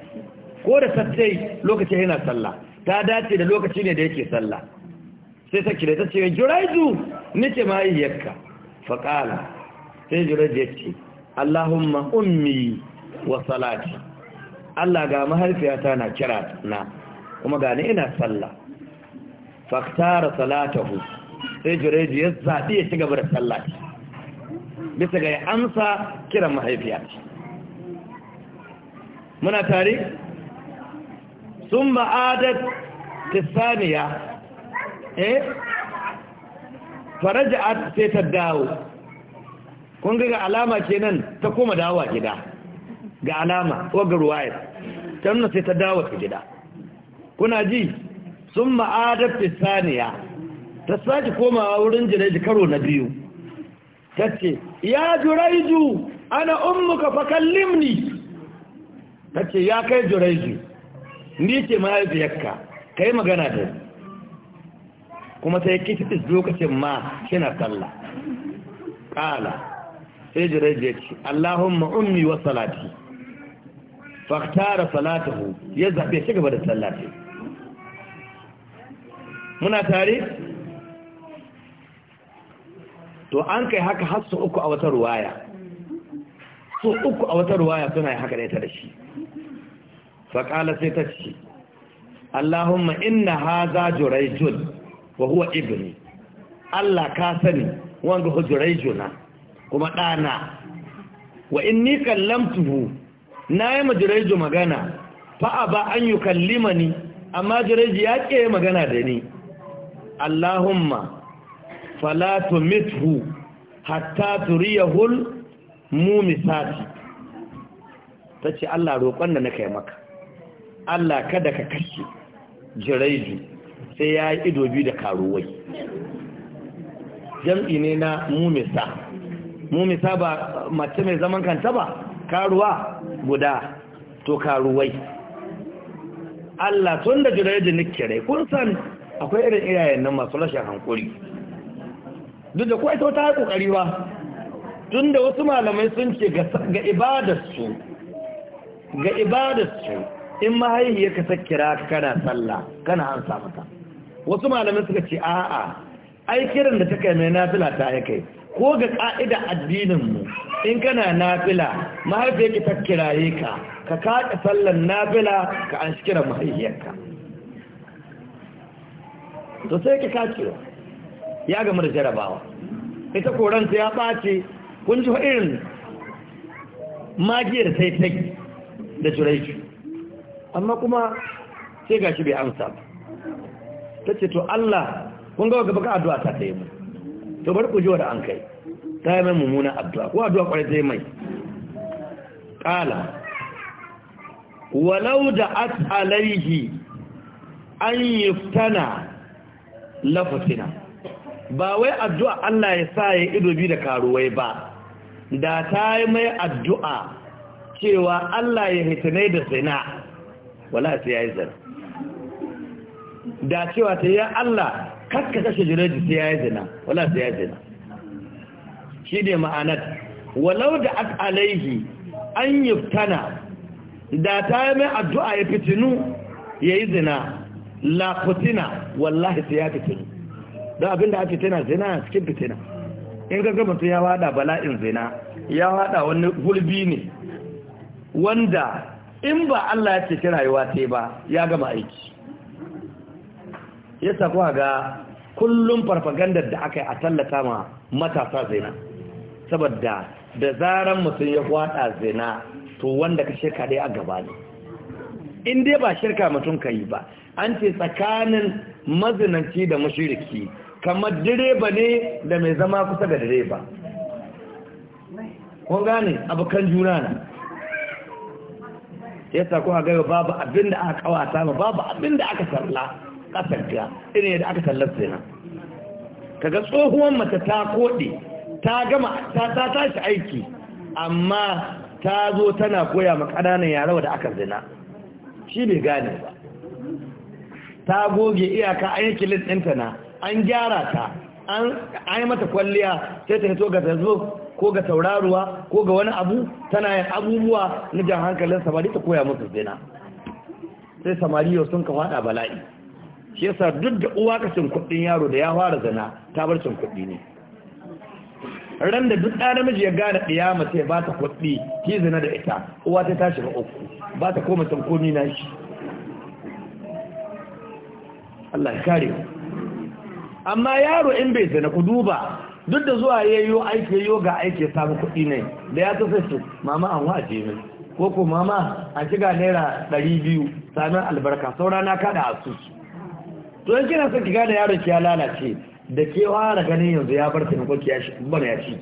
ko da ce lokacin yana sallah ta dace da lokaci ne da yake sallah sai ta kira ta ce juraizu nice ka. faƙala sai juraizu ya ce Allahumma ummi wa salati Allah ga mahaifiyata na kira na kuma gani ina sallah faktara salatahu sai jireji ya zaɓi ya ci gaba da sallah bisa ga amsa kiran mahaifiyata muna tare sun ma'adar tisaniya eh faraja'at sai ta dawo kun ga alama kenan ta koma dawa gida ga alama ga ruwayar ta nuna sai ta dawo ta gida kuna ji sun ma'adar fisaniya ta sake komawa wurin jiraiji karo na biyu ta ce ya jiraiju ana ummuka fakallimni ta ce ya kai jiraiji ni ce mahaifiyarka kai magana da kuma ta yi lokacin ma kina sallah ƙala sai jirai ya ce allahumma ummi wa salati faktara salatahu ya zaɓe shi gaba da sallah muna tare to an kai haka har su uku a wata ruwaya su uku a wata ruwaya suna yi haka ne ta da shi faƙala sai ta ce Allahumma inna haza juraijun wa huwa ibni Allah ka sani wanga juraijuna kuma ɗana wa ni kallamtuhu na yi majireju magana fa'a ba an yi kallima ni amma jiraiji ya ke magana da ni Allahumma falatu mithu hatta turiyahul mumisati ta ce Allah roƙon da na kai maka Allah kada ka kashe jiraiju sai ya yi idobi da karuwai jam'i ne na mumisa mumisa ba mace mai zaman kanta ba karuwa guda to karuwai Allah tun da na nikirai kun san akwai irin iyayen nan masu rashin hankuri duk da kwaito ta kokari ba tun da wasu malamai sun ce ga ibadarsu ga ibadarsu in ya ka kira kana sallah kana an samuta wasu malamai suka ce a'a aikirin da ta kai mai nafila ta ya ko ga ka'ida mu. in kana nafila mahaifiyarki ta kiraye ka ka kaɗa sallan nafila ka an shikira mahaifiyarka to sai ki kacewa ya gama da jarabawa ita koranta ya ɓace kun ji irin magiyar sai ta da juraicu amma kuma sai gashi bai amsa ba ta ce to Allah kun ga gaba ka addu'a ta ta yi mu to bari ku ji wa da an kai ta yi mai mummuna addu'a ko addu'a ƙwarai zai yi mai ƙala walau da as'alaihi an yi tana lafafina ba wai addu'a Allah ya sa ya ido bi da karuwai ba da ta yi mai addu'a cewa Allah ya hitinai da zina wala sai ya yi zina da cewa ta yi Allah kakka shi jirage sai ya yi zina wala sai ya yi zina shi ne ma'anar walau da at alaihi an yi tana da ta yi mai addu'a ya fitinu ya yi zina la fitina wallahi sai ya fitinu don abinda a fitina zina cikin fitina in ga mutum ya wada bala'in zina ya wada wani gulbi ne wanda in ba Allah ya ceci rayuwa sai ba ya gama aiki ya sako ga kullum farfagandar da aka yi a tallata ma matasa zina saboda da zaran mutum ya kwada zina to wanda ka shirka dai a gaba ne in dai ba shirka mutum ka yi ba an ce tsakanin mazinanci da mashiriki kamar direba ne da mai zama kusa da direba kun gane abokan juna na sa kuka gaba babu abin aka kawata ba babu abin da aka salla kasar ga irin da aka sallar zina kaga tsohuwan mace ta koɗe ta gama ta tashi aiki amma ta zo tana koya ma ƙananan yara da aka zina shi bai gane ba ta goge iyaka an yi kilin ɗinta na an gyara ta an yi mata kwalliya sai ta hito ga tazo ko ga tauraruwa ko ga wani abu tana yin abubuwa na jan hankalin samari ta koya musu zina sai samari yau sun fada bala'i shi yasa duk da uwa ka cin kuɗin yaro da ya fara zina ta bar cin kuɗi ne ran da duk ɗa namiji ya gane ɗiya mace ba ta kwaɗi ki zina da ita uwa ta tashi ba uku ba ta koma san komi na shi Allah ya kare amma yaro in bai zina ku duba duk da zuwa yayyo aiki yayyo ga aiki ya samu kuɗi ne da ya kasa su mama an waje ne, ko ko mama a shiga naira ɗari biyu samun albarka saura na kada su to in na son ki gane yaro ki ya lalace da ke wara ganin yanzu ya bar taimakon ki ya shi bana ya ci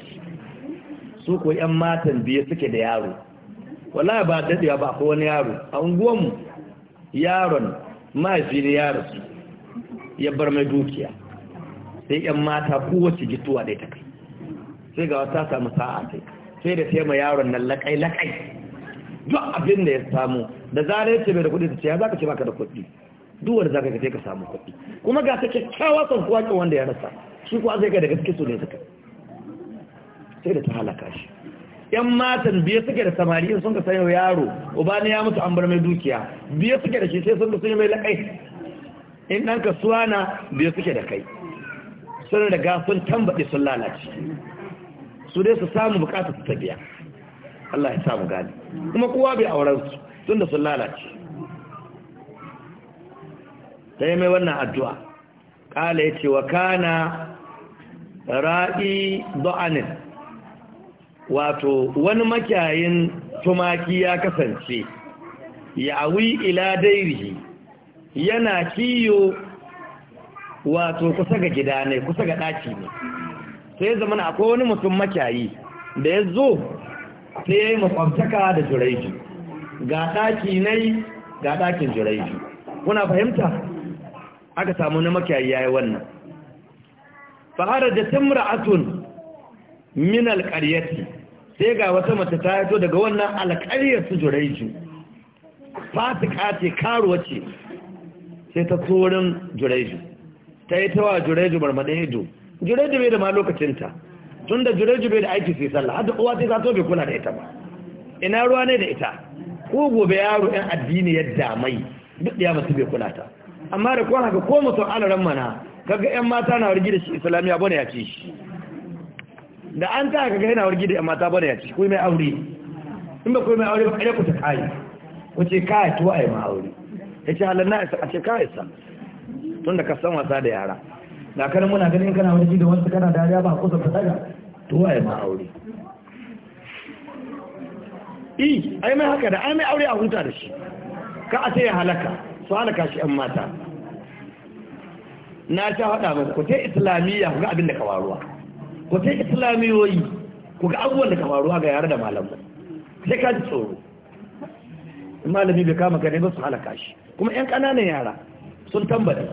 su ko yan matan biye suke da yaro wallahi ba dadewa ba ko wani yaro a unguwan mu yaron mahaifi ne ya ya bar mai dukiya sai yan mata kowace gituwa ɗaya ta kai sai ga wata samu sa'a sai sai da sai ma yaron nan lakai lakai duk abin da ya samu da zarar ce bai da kuɗi ta ce ya za ka ce baka da kuɗi wanda za ka ka samu kuɗi kuma ga ta kyakkyawa sankuwa kin wanda ya rasa shi kuwa zai ga daga cikin su ne zaka. sai da ta halaka shi yan matan biye suke da samariyan sun ka sayo yaro uba ne ya mutu an bar mai dukiya biye suke da shi sai sun ka sayo mai lakai in ka suwa na biye suke da kai sun riga sun tambaye sun lalace su dai su samu bukatar su ta biya Allah ya samu gani kuma kowa bai auren su tun da sun lalace sai mai wannan addu'a ƙala ya ce wa kana ra'i do'anin wato wani makiyayin tumaki ya kasance ya awi ila dairi yana kiyo wato kusa ga gida ne kusa ga ɗaki ne sai zamana akwai wani mutum makyayi da ya zo sai ya yi makwamtaka da juraiju ga ɗaki nai ga ɗakin jiraiju. kuna fahimta aka samu na makiyayi yayi wannan fahara da timra'atun min alqaryati sai ga wata mace ta yato daga wannan alqaryatu su juraiju fasika ce karuwa ce sai ta tsoron juraiju ta yi tawa juraiju marmaɗin ido juraiju bai da ma lokacinta tun da juraiju bai da aiki sai sallah hada kowa sai zato bai kula da ita ba ina ruwa ne da ita ko gobe yaro yan addini ya damai duk da ya masu bai kula ta amma da kwana haka ko mutum ran mana kaga yan mata na wargi da shi islamiyya bane ya ce shi da an ta kaga yana wargi da yan mata bane ya ce kuwa mai aure in ba kuwa mai aure ba ku ta kayi ku ce tuwa to yi ma aure ce halar na isa a ce kayi sa tunda ka san wasa da yara da kana muna ganin kana wargi da wasu kana dariya ba kusa ta daga to yi ma aure i ai mai haka da ai mai aure a huta da shi ka a ce ya halaka su shi 'yan mata na ta hada masu ku ta islamiyya ku ga abin da ka ku ta islamiyoyi ku ga abubuwan da ka ga yare da malamu sai ka ji tsoro malami bai kama gane ba su halaka shi kuma 'yan ƙananan yara sun tambata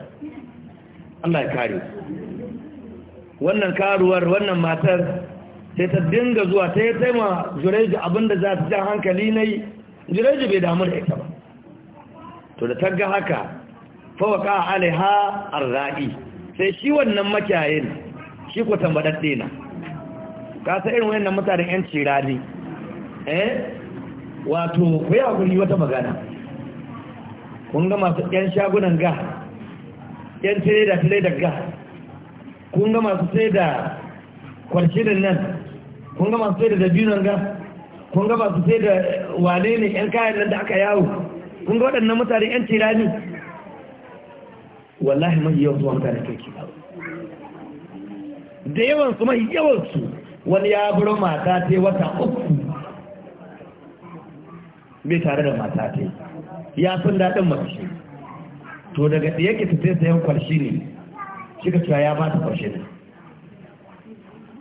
Allah ya kare wannan karuwar wannan matar sai ta dinga zuwa ta yi taima jureji abinda za ta jan hankali na yi jureji bai damu da ita ba to da tagga haka fawaka alaiha arra'i sai shi wannan makiyayin shi ko tambadadde na ka san irin wannan mutanen yan cirani eh wato ku yi guri wata magana kun ga masu yan shagunan ga yan da tireda da ga kun ga masu sai da kwarshirin nan kun ga masu sai da dabinon ga kun ga masu sai da wane ne yan kayan nan da aka yawo kun ga waɗannan mutane yan tirani wallahi ma'i yawan zuwa mutane kirki ba da yawan su mai yawan su wani ya buru mata ta wata uku bai tare da mata ta ya san daɗin shi, to daga da yake ta sai sayan kwarshi ne shi ka cewa ya ba ta kwarshi ne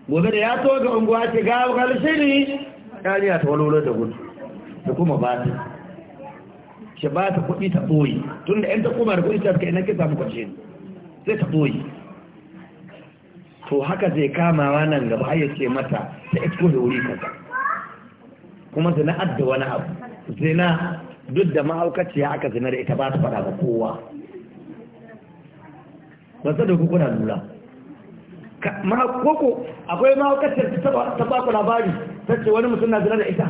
gobe da ya so ga unguwa ce ga kwarshi ne ya ta walwala da gudu da kuma ba ta ke ba ta kuɗi ta ɓoye tun da ‘yan ta koma da kuɗi ta kai na ke samu kwace sai ta ɓoye to haka zai kamawa nan gaba ya ce mata ta isko da wuri kaza kuma zina adda wani abu zina duk da ya aka zina da ita ba ta faɗa ba kowa ba sa da kuna lura koko akwai mahaukaciyar ta ba ku labari ta ce wani mutum na zina da ita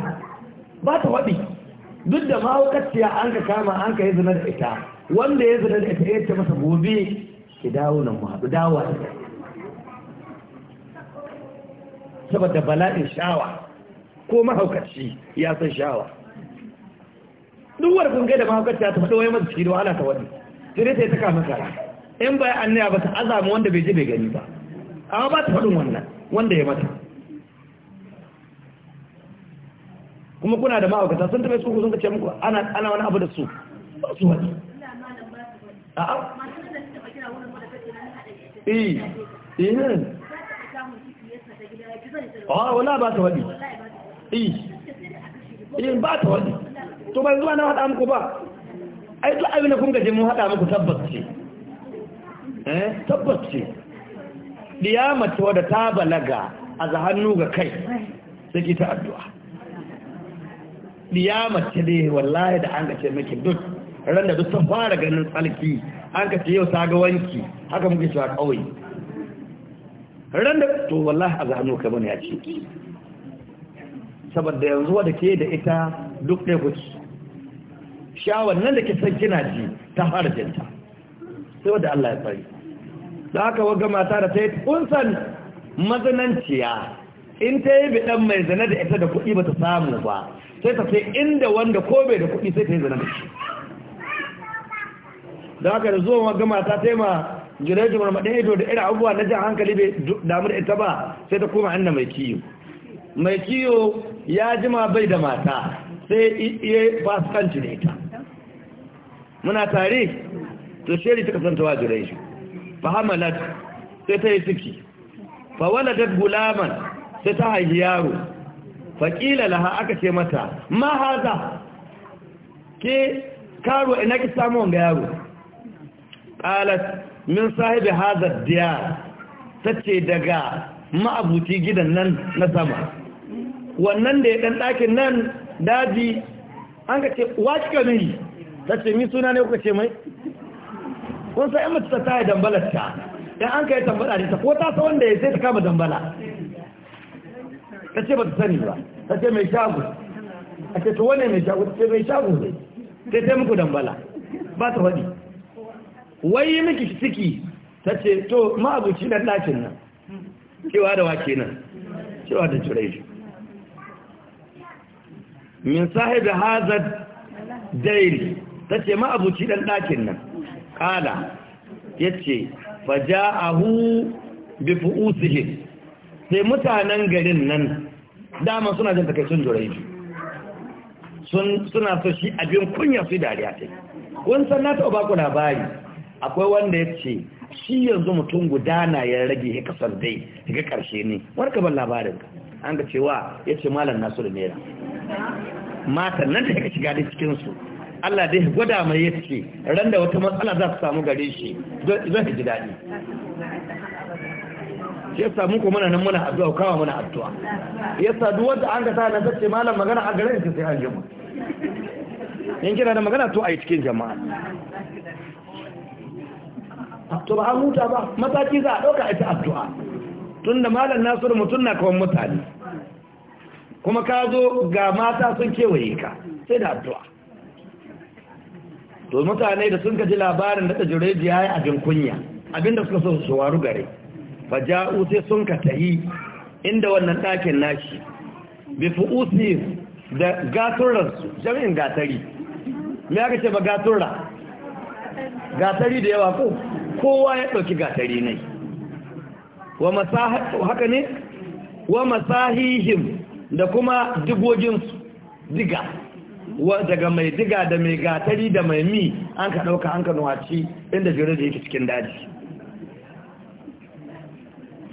ba ta waɗi duk da mahaukaciya an ka kama an ka yi zina da ita wanda ya zina da ita ya ce masa gobe ki dawo nan mu haɗu dawa da saboda bala'in shawa ko mahaukaci ya san shawa duk wani kun da mahaukaciya ta faɗo wani masu ciki da wahala ta wani sai ta yi ta kama kara in bai annaya ba ta azama wanda bai ji bai gani ba amma ba ta faɗin wannan wanda ya mata kuma kuna da ma'aikata sun taɓa su sun kace muku ana ana wani abu da su ba su wani a'a eh eh e. a wala ba ta wani eh eh ba ta wani to ban zuwa na hada muku ba ai duk abin da kun gaje mun hada muku tabbas ce eh tabbas ce diyama ce wadda ta balaga a zahannu ga kai sai ki ta addu'a ɗiyamar ce dai wallahi da an gace maki duk ran da duk sun fara ganin tsalki an ka ce yau ta ga wanki haka muke cewa kawai ran da to wallahi a zano ka bane ya ce saboda yanzu wadda ke da ita duk dai kuci shawar nan da ke san kina ji ta fara jinta sai wadda Allah ya tsari da haka waga mata da ta yi kunsan mazananciya in ta yi biɗan mai zane da ita da kuɗi ba ta samu ba sai ta sai inda wanda ko bai da kuɗi sai ta yi zanen da da haka da zuwa gama ta taima jirage marmaɗin ido da irin abubuwa na jan hankali bai damu da ita ba sai ta koma inda mai kiyo mai kiyo ya jima bai da mata sai iya fasikanci da ita muna tare to sheri ta kasantawa jirage fahamalat sai ta yi ciki fawalatat gulaman sai ta haihi yaro faƙila laha aka ce mata ma haza ke karo ina ki samu ga yaro ƙalas min sahibi haza diya ta ce daga ma'abuci gidan nan na sama wannan da ya ɗan ɗakin nan daji an ka ce waci kamili ta ce mi suna ne kuka ce mai kun sa yan mace ta ta yi dambalarta yan an ka yi tambala ne ta ko ta sa wanda ya sai ta kama dambala ta ce ba ta sani ba ta ce mai shagu a ce to wane mai shagu ta ce mai shagu ne sai ta muku dambala ba ta faɗi wai miki ciki ta ce to ma'abuci na ɗakin nan cewa da wake nan cewa da turai min sahib hazard daili ta ce ma'abuci ɗan ɗakin nan ƙala ya ce faja'ahu bi fu'usihim sai mutanen garin nan dama suna jin takaicin jurai suna so shi abin kunya su dariya ta kun san na taɓa baku labari akwai wanda ya ce shi yanzu mutum guda na ya rage ya kasar dai daga ƙarshe ne warka ban labarin ka an ga cewa ya ce malam nasu da naira matan nan da ya shiga da cikinsu Allah dai gwada mai ya ce ran da wata matsala za su samu gare shi don ji daɗi shi yasa mun kuma muna nan muna addu'a kawo muna addu'a yasa duk wanda an ga sa nan zace malam magana a garin sai an jima in kira da magana to ai cikin jama'a to ba an huta ba mataki za a ɗauka a ta addu'a Tunda malam nasiru mutum na kawan mutane kuma ka zo ga mata sun kewaye ka sai da addu'a to mutane da sun kaji labarin da ta jireji ya yi abin kunya abinda suka so su waru gare faja'u sai sun ka inda wannan ɗakin nashi bi fu'usi da gaturarsu jami'in gatari me aka ce ba gatura gatari da yawa ko kowa ya ɗauki gatari ne haka ne wa masahihim da kuma digoginsu diga daga mai diga da mai gatari da mai mi an ka ɗauka an ka nuwaci inda jere da yake cikin daji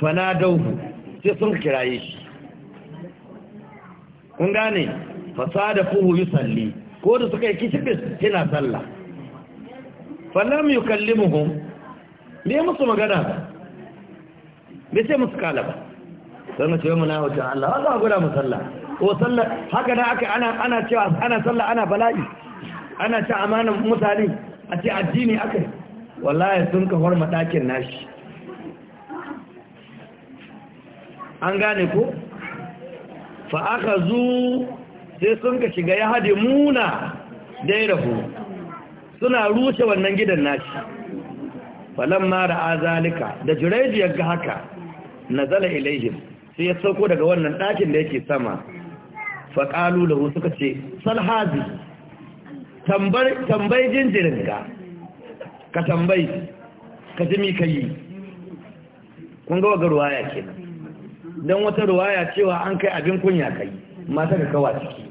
dauhu sai sun kiraye shi kun gane fasada kuhu yi salli ko da suka yi kishibis yana sallah falam yi kallimuhun ne musu magana ba bai ce musu kala ba sai ce mu na wuce Allah Allah guda mu salla ko sallah haka da aka ana ana cewa ana sallah ana bala'i ana ta amanin mutane a ce addini aka wallahi sun ka horma nashi an gane ko fa aka zu sai sun ka shiga ya hade muna dairahu suna rushe wannan gidan nashi Falon mara azalika da jiraiji ya ga haka nazala ilaihim sai ya sauko daga wannan ɗakin da yake sama da hutu suka ce salhazi tambayi jinjirin ga ka tambayi ka jimi ka yi kun ga wagarwa ya kenan don wata ruwaya cewa an kai abin kunya kai mata ga kawa ciki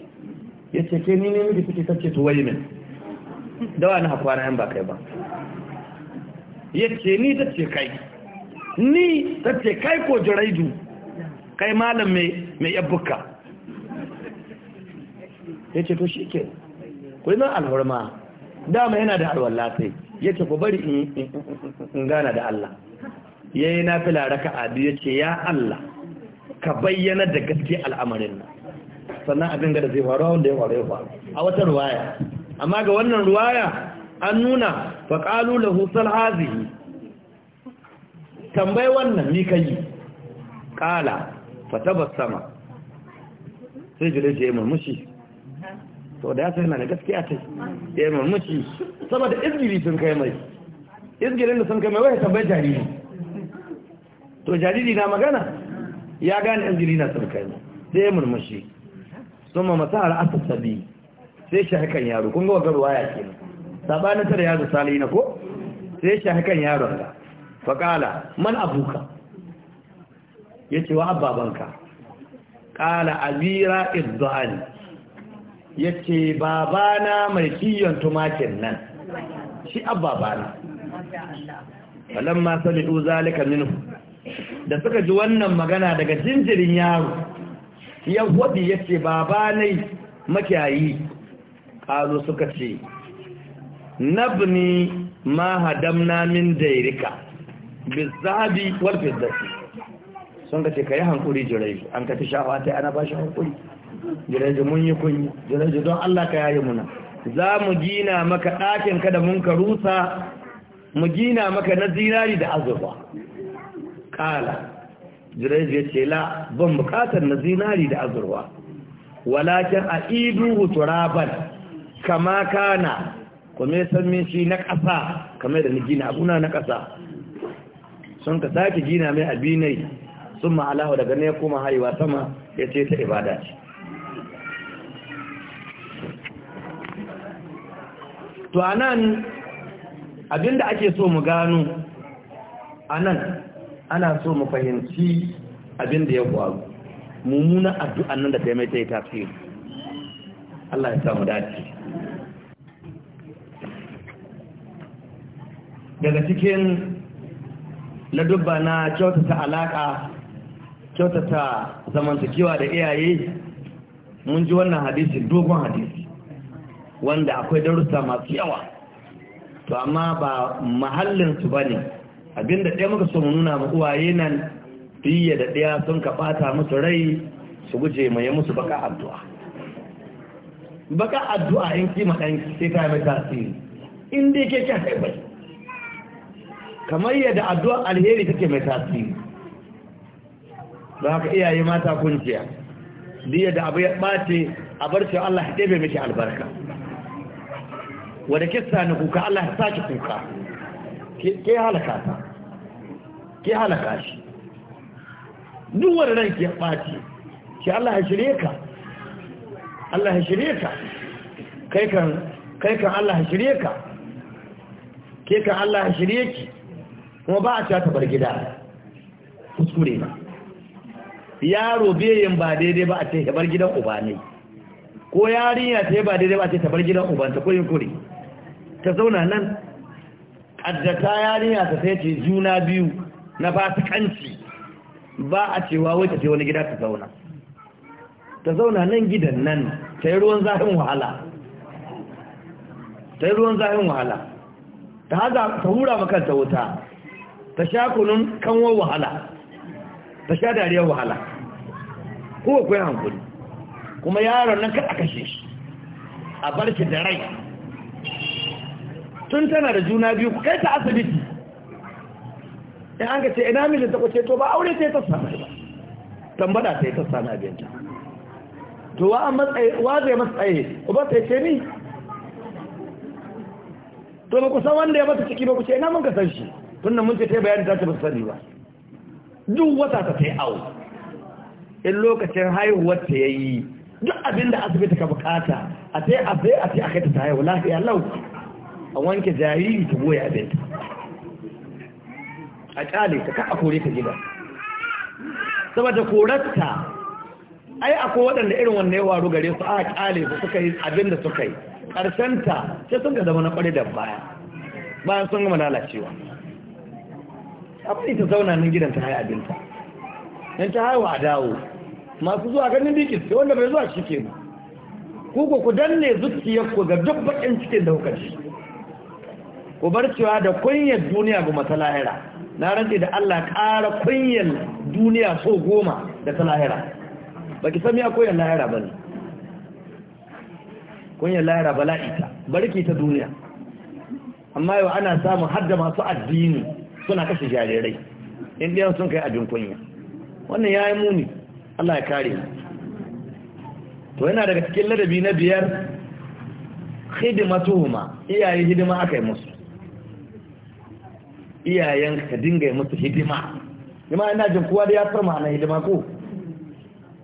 ya ce ke ni ne miki suke sace to waye min dawa na hakwana yan ba kai ba ya ce ni ta ce kai ni ta ce kai ko jiraidu kai malam mai yabbuka ya ce to shi ke kulimin alhurma dama yana da alwala sai ya ce ku bari in gana da Allah ya yi na fi laraka abu ya ce ya Allah ka bayyana da gaske al'amarin nan sannan abin da zai faru wanda ya faru ya faru a wata ruwaya amma ga wannan ruwaya an nuna faƙalu lahu salhazihi tambayi wannan ni kai ƙala fatabar sama sai jire ce murmushi sau da ya sai na gaskiya ce ya murmushi saboda izgiri sun kai mai izgirin da sun kai mai wai tambayi jariri to jariri na magana ya gane angelina ne. sai ya murmushi sun ma masa al'asar sabi sai shi hakan yaro kun ga wa garuwa ya ke sabanin tara yaro salina ko sai shi hakan yaro ka faƙala man abuka ya ce wa ababanka ƙala abira izu'ani ya ce babana mai kiyon tumakin nan shi ababana falon ma liɗu zalika minu da suka ji wannan magana daga jinjirin yaro ya waɗi ya ce babanai makiyayi ƙazo suka ce nabni ma hadamna min dairika bizabi wal fiddati sun ka ce yi hankuri jirai an ka ta shafa ta ana ba shi hankuri jirai mun yi kunyi jirai don Allah ka yayi muna za mu gina maka ɗakin ka da mun ka rusa mu gina maka na zinari da azurwa. kala jirai ya ce la ban bukatar na zinari da azurwa walakin a idu turaban kama kana kuma ya san na ƙasa kamar da na gina abuna na ƙasa sun ka sake gina mai abinai sun ma'alahu daga ne kuma haiwa sama ya ce ta ibada ce to a nan abinda ake so mu gano a nan ana so mu fahimci abin da ya faru mummuna addu'an nan da ta mai ta yi Allah ya samu dace daga cikin na dubba na kyautata alaƙa kyautata zamantakewa da iyaye mun ji wannan hadisi dogon hadisi wanda akwai darussa masu yawa to amma ba mahallinsu ba ne abinda ɗaya muka so mu nuna ma uwaye nan diya da ɗaya sun ka ɓata musu rai su guje mai musu baka addu'a baka addu'a in kima ɗan sai ta mai tasiri in dai ke kyan haifai kamar yadda addu'a alheri take mai tasiri ba ka iyaye mata kunciya diya da abu ya ɓace a bar shi Allah ya ɗebe miki albarka wadda kista na kuka Allah ya sake kuka ke halaka ta ke halaka shi duk wani ran ke ɓaci ke Allah ya shirye ka Allah ya shirye ka kai kan kai kan Allah ya shirye ka ke kan Allah ya shirye ki kuma ba a ta bar gida kuskure ba yaro yin ba daidai ba a ce bar gidan uba ne ko yarinya ta yi ba daidai ba a ce bar gidan uba ta koyin kuri ta zauna nan addata yarinya ta sai ce juna biyu na fasikanci ba a cewa wai ta ce wani gida ta zauna ta zauna nan gidan nan ta yi ruwan zahin wahala ta yi ruwan zahin wahala ta haza ta hura makanta wuta ta sha kunun kanwar wahala ta sha dariyar wahala kuma kuwa hankuli kuma yaron nan kada kashe shi a bar shi da rai tun tana da juna biyu kai ta asibiti in an ka ce ina mijin ta kwace to ba aure ta ya ta mai ba tambada ta ya ta samu abinta to wa zai matsaye uba sai ce ni to ba ku san wanda ya mata ciki ba ku ce ina mun ka san shi tunda mun ce ta bayani ta ce ba sani ba duk wata ta ta yi awo in lokacin haihuwar ta ya yi duk abin da asibiti ka bukata a sai a sai a sai a kai ta haihu lafiya lau a wanke jariri ta goya ta a kyale ka a kore ka gida saboda korarta ai akwai waɗanda irin wanne yawa gare su a kyale su suka yi abin da suka yi ƙarshenta sai sun ka zama na ƙwari da baya bayan sun gama lalacewa abin ta zauna nan gidan ta haya abinta yan ta haihu a dawo masu zuwa ganin bikin sai wanda bai zuwa shi ke mu ku ku ku danne zuciyar ku ga duk bakin cikin da kuka ci ku bar cewa da kunyar duniya ga matalahira na rantse da Allah ƙara kunyan duniya so goma da ta lahira ba ki sami a kunyan lahira ba ne kunyan lahira ba bala'ita barki ta duniya amma yau ana samun hadda masu addini suna kashe jarirai in sun kai abin kunya wannan ya yi muni Allah ya kare to yana daga cikin ladabi na biyar hidimatuhuma iyaye hidima aka yi musu iyayen ka dinga musu hidima kuma ina jin kowa da ya farma na hidima ko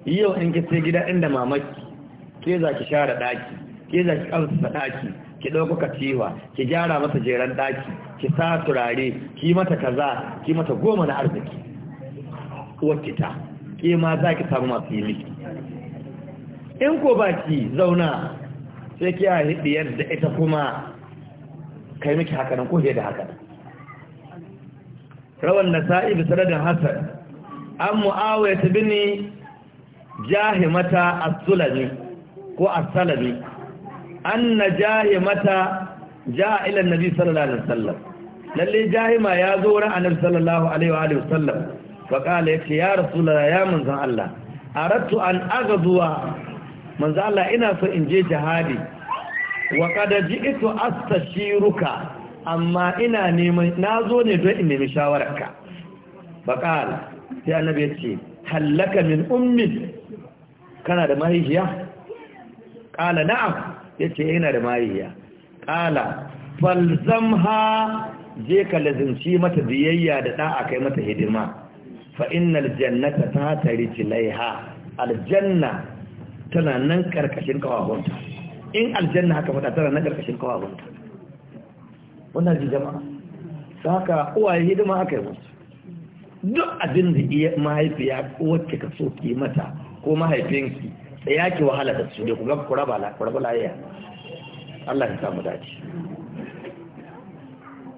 yau in ki ce gida inda mamaki ke za ki share daki ke za ki kansa daki ki dauko katiwa ki gyara masa jeran daki ki sa turare ki mata kaza ki mata goma na arziki wakita ke ma za ki samu masu yi miki in ko ba ki zauna sai ki a hidiyar da ita kuma kai miki haka nan ko da haka rawan nasa'i bi sanadin hasan an mu'awiyah bin jahimata as-sulami ko as-salami anna jahimata jaa ila an-nabi sallallahu alaihi wasallam lalle jahima ya zo ran annabi sallallahu alaihi wa alihi wasallam fa qala yace ya rasulullah ya manzon Allah aradtu an aghzuwa manzon Allah ina so in je jihadi wa qad ji'tu astashiruka amma ina neman na zo ne don in nemi shawararka baƙal sai annabi ya ce hallaka min ummin kana da mahaifiya ƙala na'am ya ce yana da mahaifiya ƙala falzamha je ka lazimci mata biyayya da ɗa'a kai mata hidima fa innal jannata ta tari cilaiha aljanna tana nan ƙarƙashin kawahunta in aljanna haka fata tana nan ƙarƙashin kawahunta wannan ji jama'a ta haka uwaye hidima aka yi wasu duk abin da iya mahaifiya wacce ka so ki mata ko mahaifinki ya ke wahala da su da ku kuraba la ya Allah ya samu dace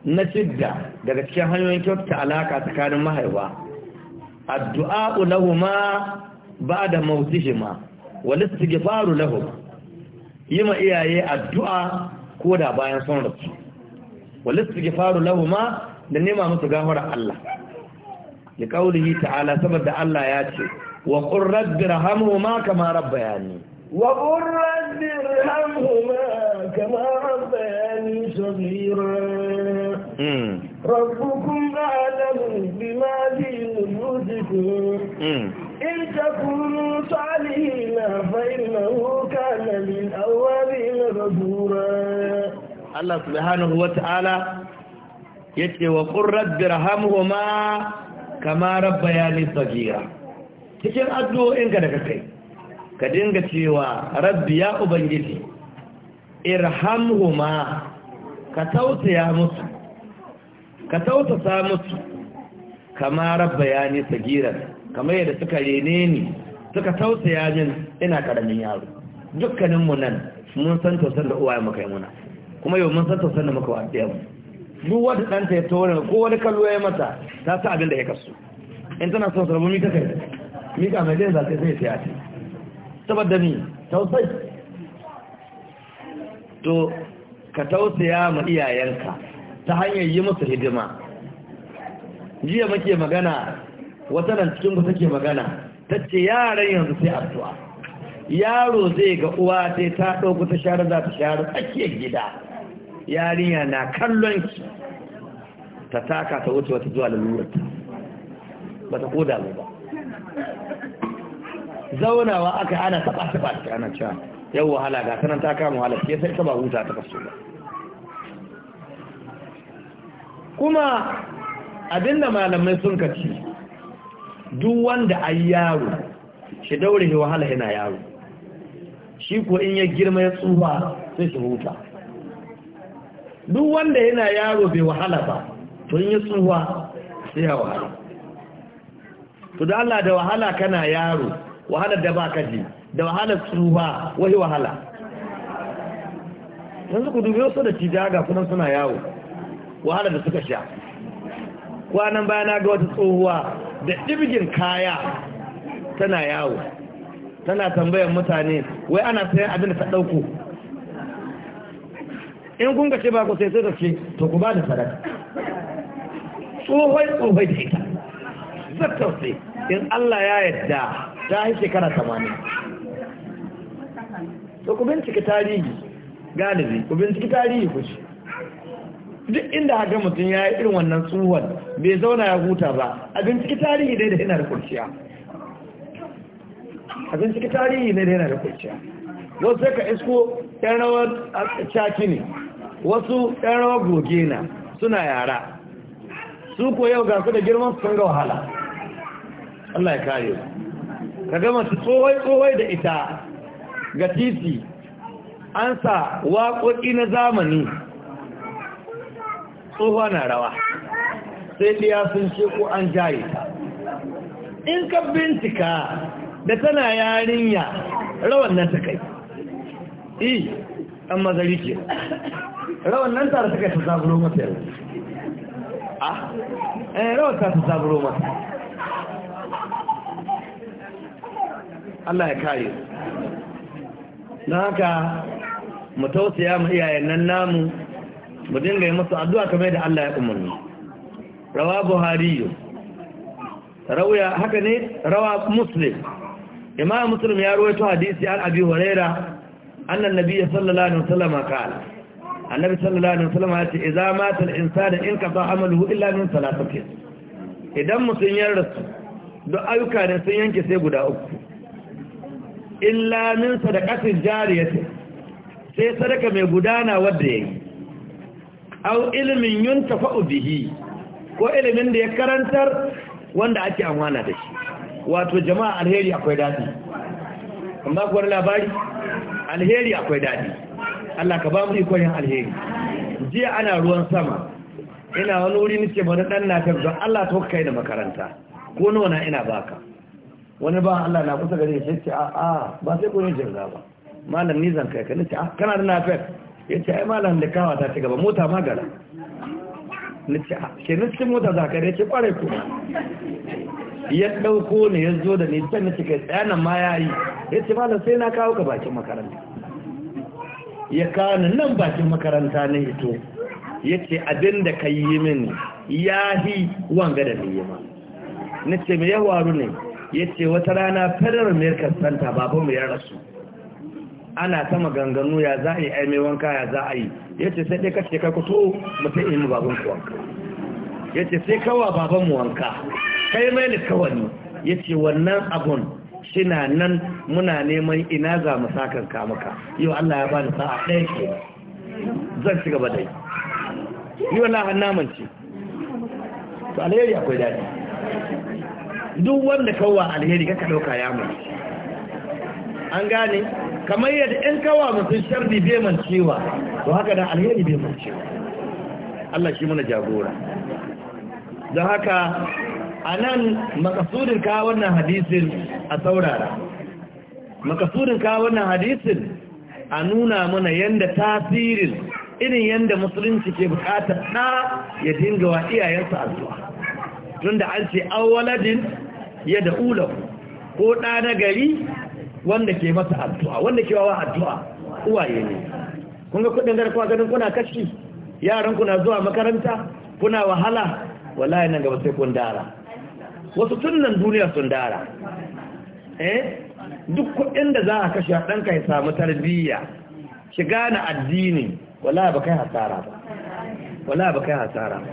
na cidda daga cikin hanyoyin kyautata alaka tsakanin mahaifa addu'a lahuma ba'da mautihima wal istighfaru lahum yima iyaye addu'a ko da bayan son rasu walistu gifaru lahuma da nema musu gafara Allah li qawlihi ta'ala saboda Allah ya ce wa qur rabbi rahamhuma kama rabbayani wa qur rabbi rahamhuma kama rabbayani saghira rabbukum a'lamu bima fi nufusikum إن تكونوا صالحين فإنه كان للأوابين Allah subhanahu ya ce wa ƙurrar rabbi rahamhuma kama rabbayani saghira cikin addu'o'inka da kai ka dinga cewa rabbi ya ubangiji irhamhuma ka tausaya musu ka tausasa musu kama rabbayani saghira kamar yadda suka rene ni suka tausaya min ina karamin yaro dukkaninmu nan mun san tausar da uwa mu muna kuma yau mun san tausan da muka wa ɗaya mu duk wata ɗanta ya tona ko wani kallo ya mata ta sa abin da ya kasu in tana son sarbu mika kai mika mai zai zai sai sai ta. saboda ni tausai to ka tausaya ma iyayenka ta hanyar yi musu hidima jiya muke magana wata nan cikin ku take magana ta ce yaran yanzu sai addu'a yaro zai ga uwa sai ta ɗauku ta share za ta share tsakiyar gida yarinya na kallon ki ta taka ta wuce wata zuwa lalurarta ba ta koda ba zaunawa aka ana taba taba ta ana cewa yau wahala ga sanan ta kama wahala ke sai ta ba huta ta kaso ba kuma abinda malamai sun kaci duk wanda ai yaro shi daure shi wahala yana yaro shi ko in ya girma ya tsufa sai shi huta duk wanda yana yaro bai wahala ba to in yi tsuwa sai ya wahala to da Allah da wahala kana yaro wahala da ba ji da wahala tsuwa wai wahala yanzu ku dubi wasu da tijaga kuma suna yawo wahala da suka sha kwanan baya na ga wata tsohuwa da ɗibigin kaya tana yawo tana tambayar mutane wai ana sayan abin da ta ɗauko in kun ce ba ku sai suka ce to ku ba da sadaka tsohon tsohon da ita zattausai in Allah ya yadda ta yi shekara 80 to ku binciki tarihi galibi ku binciki tarihi ku ce duk inda haka mutum ya yi irin wannan tsohon bai zauna ya huta ba a binciki tarihi dai da yana da kurciya a binciki tarihi dai da yana da kurciya don sai ka isko yan rawar caki ne wasu ɗarawa rawa goge na suna yara su ko yau ga da girman sun ga wahala Allah ya kare ka gama su tsohai-tsohai da ita ga titi an sa waƙoƙi na zamani tsohuwa na rawa sai ɗiya sun ce ko an jaye ta in ka bincika da tana yarinya rawan nan ta kai i ɗan mazari ke rawan nan tare suka ta zaburo mata yau ah eh rawan ta ta zaburo mata Allah ya kare Na haka mu tausaya mu iyayen nan namu mu dinga yi masu addu'a kamar da Allah ya umarni rawa buhari rawaya haka ne rawa muslim imam muslim ya ruwaito hadisi an abi huraira annan nabiyyi sallallahu alaihi wasallam qala annabi sallallahu alaihi wasallam ya ce idza matal al-insanu in qata amaluhu illa min salasatin idan mutum ya rasu duk ayyuka da sun yanke sai guda uku illa min sadaqatin jariyati sai sadaka mai gudana wanda yayi aw ilmin yuntafa'u bihi ko ilimin da ya karantar wanda ake amana da shi wato jama'a alheri akwai dadi amma ku wani labari alheri akwai dadi Allah ka ba mu ikon yin alheri jiya ana ruwan sama ina wani wuri nake ba na dan natar Allah to kai da makaranta ko nawa na ina baka wani ba Allah na kusa gare shi ce a a ba sai ko ne ba malam ni zan kai ka ce a ah, kana da ya ce ai malam da kawa ta ci gaba mota ma gara ce a ah, ke nace mota za ka dace kware ko ya dauko ne ya zo da ni sai ce kai tsayanan ma yayi yace malam sai na kawo ka bakin makaranta ya kawo nan bakin makaranta na ito yace ce abin da ka yi mini ya yi wanga da ni ma na ce mai yawaru ne yace wata rana federal american center babu mai ya rasu ana ta maganganu ya za a yi aimai wanka ya za a yi ya ce sai ɗaika ce ko to ta yi mu baban ku wanka ya sai kawa baban mu wanka kai mai ni kawani ya ce wannan abun suna nan muna neman ina za mu sakan ka yau Allah ya bani sa'a ɗaya ke zan ci gaba dai yi wa hannaman namanci su alheri akwai daɗi duk wanda kawo alheri kaka ɗauka ya mai an gane kamar yadda yan kawo mafi shardi bai mancewa to haka da alheri bai mancewa Allah shi mana jagora don haka a nan makasudin ka wannan hadisin a saurara makasudin ka wannan hadisin a nuna mana yadda tasirin irin yadda musulunci ke bukatar ɗa ya dinga wa iyayensa addu'a tun da an ce awwaladin ya da ko ɗa na gari wanda ke masa addu'a wanda ke wawa addu'a uwaye ne kun ga kudin garkuwa ganin kuna kashi yaran kuna zuwa makaranta kuna wahala wallahi nan gaba sai kun dara wasu tun nan duniya sun dara eh duk kudin da za a kashe ɗanka ya samu tarbiyya shiga na addini wala ba kai hasara ba wala ba kai hasara ba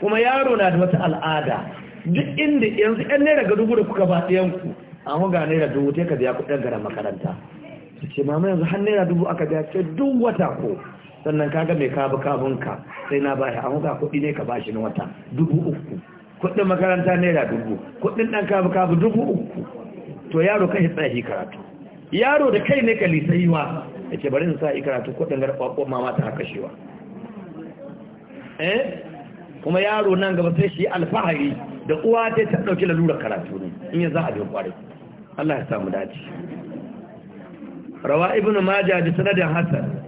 kuma yaro na da wata al'ada duk inda yanzu ɗan naira ga dubu da kuka ba yanku an ga naira dubu ta ka biya kuɗin gara makaranta su ce mama yanzu har naira dubu aka biya ce duk wata ko sannan kaga mai kabu kabunka sai na bashi an ga kuɗi ne ka bashi na wata dubu uku kudin makaranta naira dubu kudin dan kabu kabu dubu uku to yaro kai shi karatu yaro da kai ne ka lisaiwa ce bari sa yi karatu kudin ko mama ta kashewa eh kuma yaro nan gaba sai shi alfahari da uwa ta ta dauki lalurar karatu ne in ya za a bi kwarai Allah ya samu dace rawa ibnu majah da sanadin hasan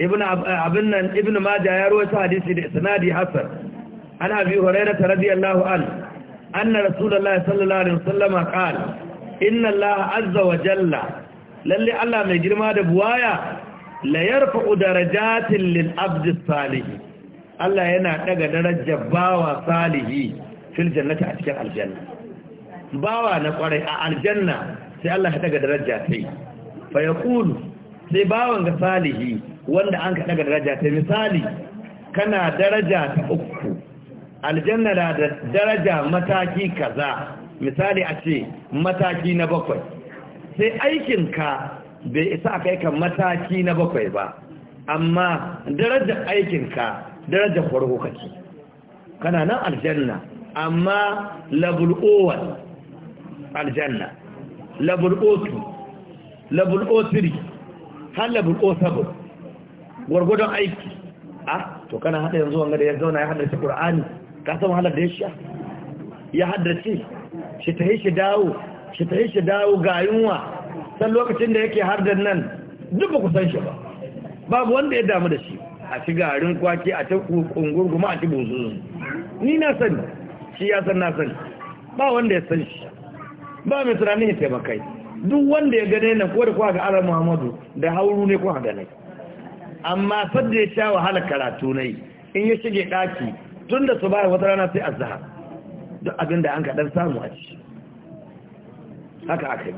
ibnu abin nan ibnu majah ya rawaita hadisi da sanadi hasan عن أبي هريرة رضي الله عنه أن رسول الله صلى الله عليه وسلم قال إن الله عز وجل للي الله من جرما دبوايا ليرفع درجات للعبد الصالح الله ينا تقى درجة باوى صالح في الجنة أتكر الجنة باوى نقرأ الجنة سي الله تقى درجة فيه فيقول سي باوى صالح وان أنك تقى درجة مثالي كان درجة أكو aljanna na da daraja mataki kaza misali a ce mataki na bakwai sai aikinka bai isa a kai kan mataki na bakwai ba amma darajar aikinka darajar farko kake kana nan aljanna amma labul owal aljanna labul otu oh labul otiri oh har labul otabul oh gwargwadon aiki ah to kana haɗa yanzu wanga da ya zauna ya hada shi qur'ani ka san da ya sha ya haddace shi ta shi dawo shi ta shi dawo ga yunwa san lokacin da yake hardar nan duk ba ku san shi ba babu wanda ya damu da shi a ci garin kwaki a ta kuma a ci buzu ni na sani shi ya san na sani ba wanda ya san shi ba mai tunanin ya taimakai duk wanda ya gane na kowar kwa ga ala muhammadu da hauru ne ga nai. amma sadda ya sha wahala karatu na yi in ya shige daki. tun da su ba wata rana sai azahar duk abin da an kaɗan samu a ci haka aka yi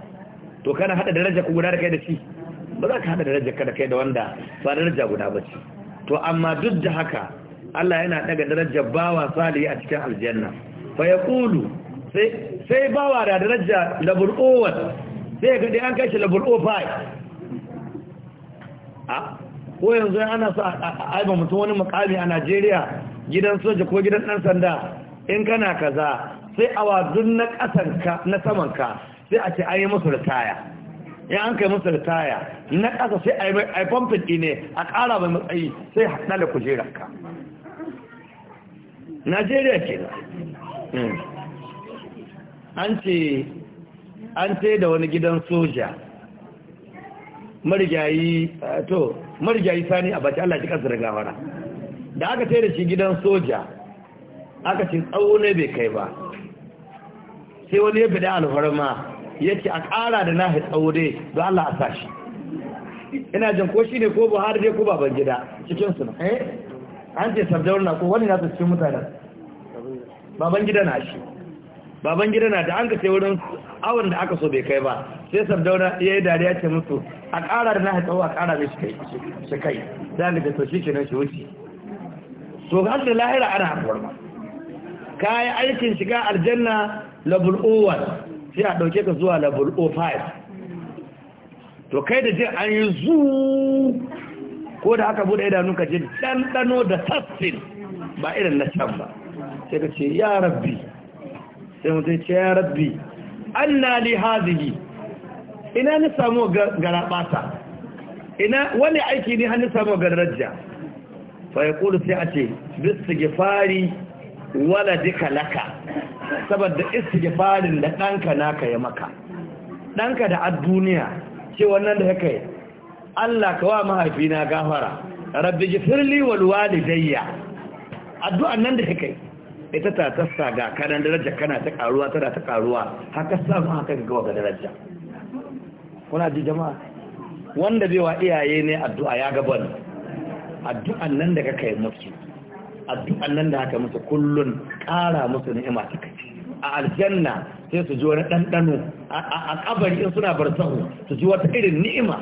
to kana haɗa daraja ku guda da kai da ci ba za ka haɗa daraja ka da kai da wanda ba daraja guda ba ci to amma duk da haka Allah yana daga darajar bawa salihi a cikin aljanna fa yaqulu sai sai bawa da daraja labul awwal sai ga dai an kai shi labul awwal a ko yanzu ana sa aiba mutum wani makami a Najeriya gidan soja ko gidan ɗan sanda in kana kaza sai awazun na ƙasanka na samanka sai a ce an yi musu ritaya in an kai musu ritaya na ƙasa sai a yi famfin ɗine a ƙara mai matsayi sai haɗa da ka. najeriya ke hmm. an ce an ce da wani gidan soja marigayi eh, to marigayi sani a baki allah ji ƙasa da gawara da aka tai da shi gidan soja aka ce tsawo ne bai kai ba sai wani ya bida alfarma ya ce a ƙara da na tsawo dai ba Allah a sa shi ina jan ko shi ne ko buhari dai ko baban gida cikin su eh an ce sarjawar na ko wani na su cikin mutane baban gida na shi baban gida na da an ka sai wurin awon da aka so bai kai ba sai sardauna ya yi dariya ce mutu a ƙara da na tsawo a ƙara mai shi kai da an to shi kenan shi wuce to ga da lahira ana haɗuwar ma ka yi aikin shiga aljanna level Owal, sai a ɗauke ka zuwa level 5 to kai da jin an yi zu ko da aka buɗe ka jin ɗanɗano da tassin ba irin na can ba sai ka ce ya rabbi sai mutum ce ya rabbi an na li hazigi ina ni samu ga ɓata ina wani aiki ni hannu samu ga rajja fa yaqulu sai a ce wala dika laka saboda istighfarin da danka naka ya maka danka da ad ce wannan da kai Allah ka mahaifina gafara rabbi gifirli wal walidayya addu'an nan da kai ita ta tassa ga kanan daraja kana ta karuwa tana ta karuwa haka samu haka ga ga daraja kuna ji jama'a wanda bai wa iyaye ne addu'a ya gaban addu'an nan da kaka yi musu addu'an nan da haka musu kullun ƙara musu ni'ima ta kai, a aljanna sai su ji wani ɗanɗano a kabari in suna barzahu su ji wata irin ni'ima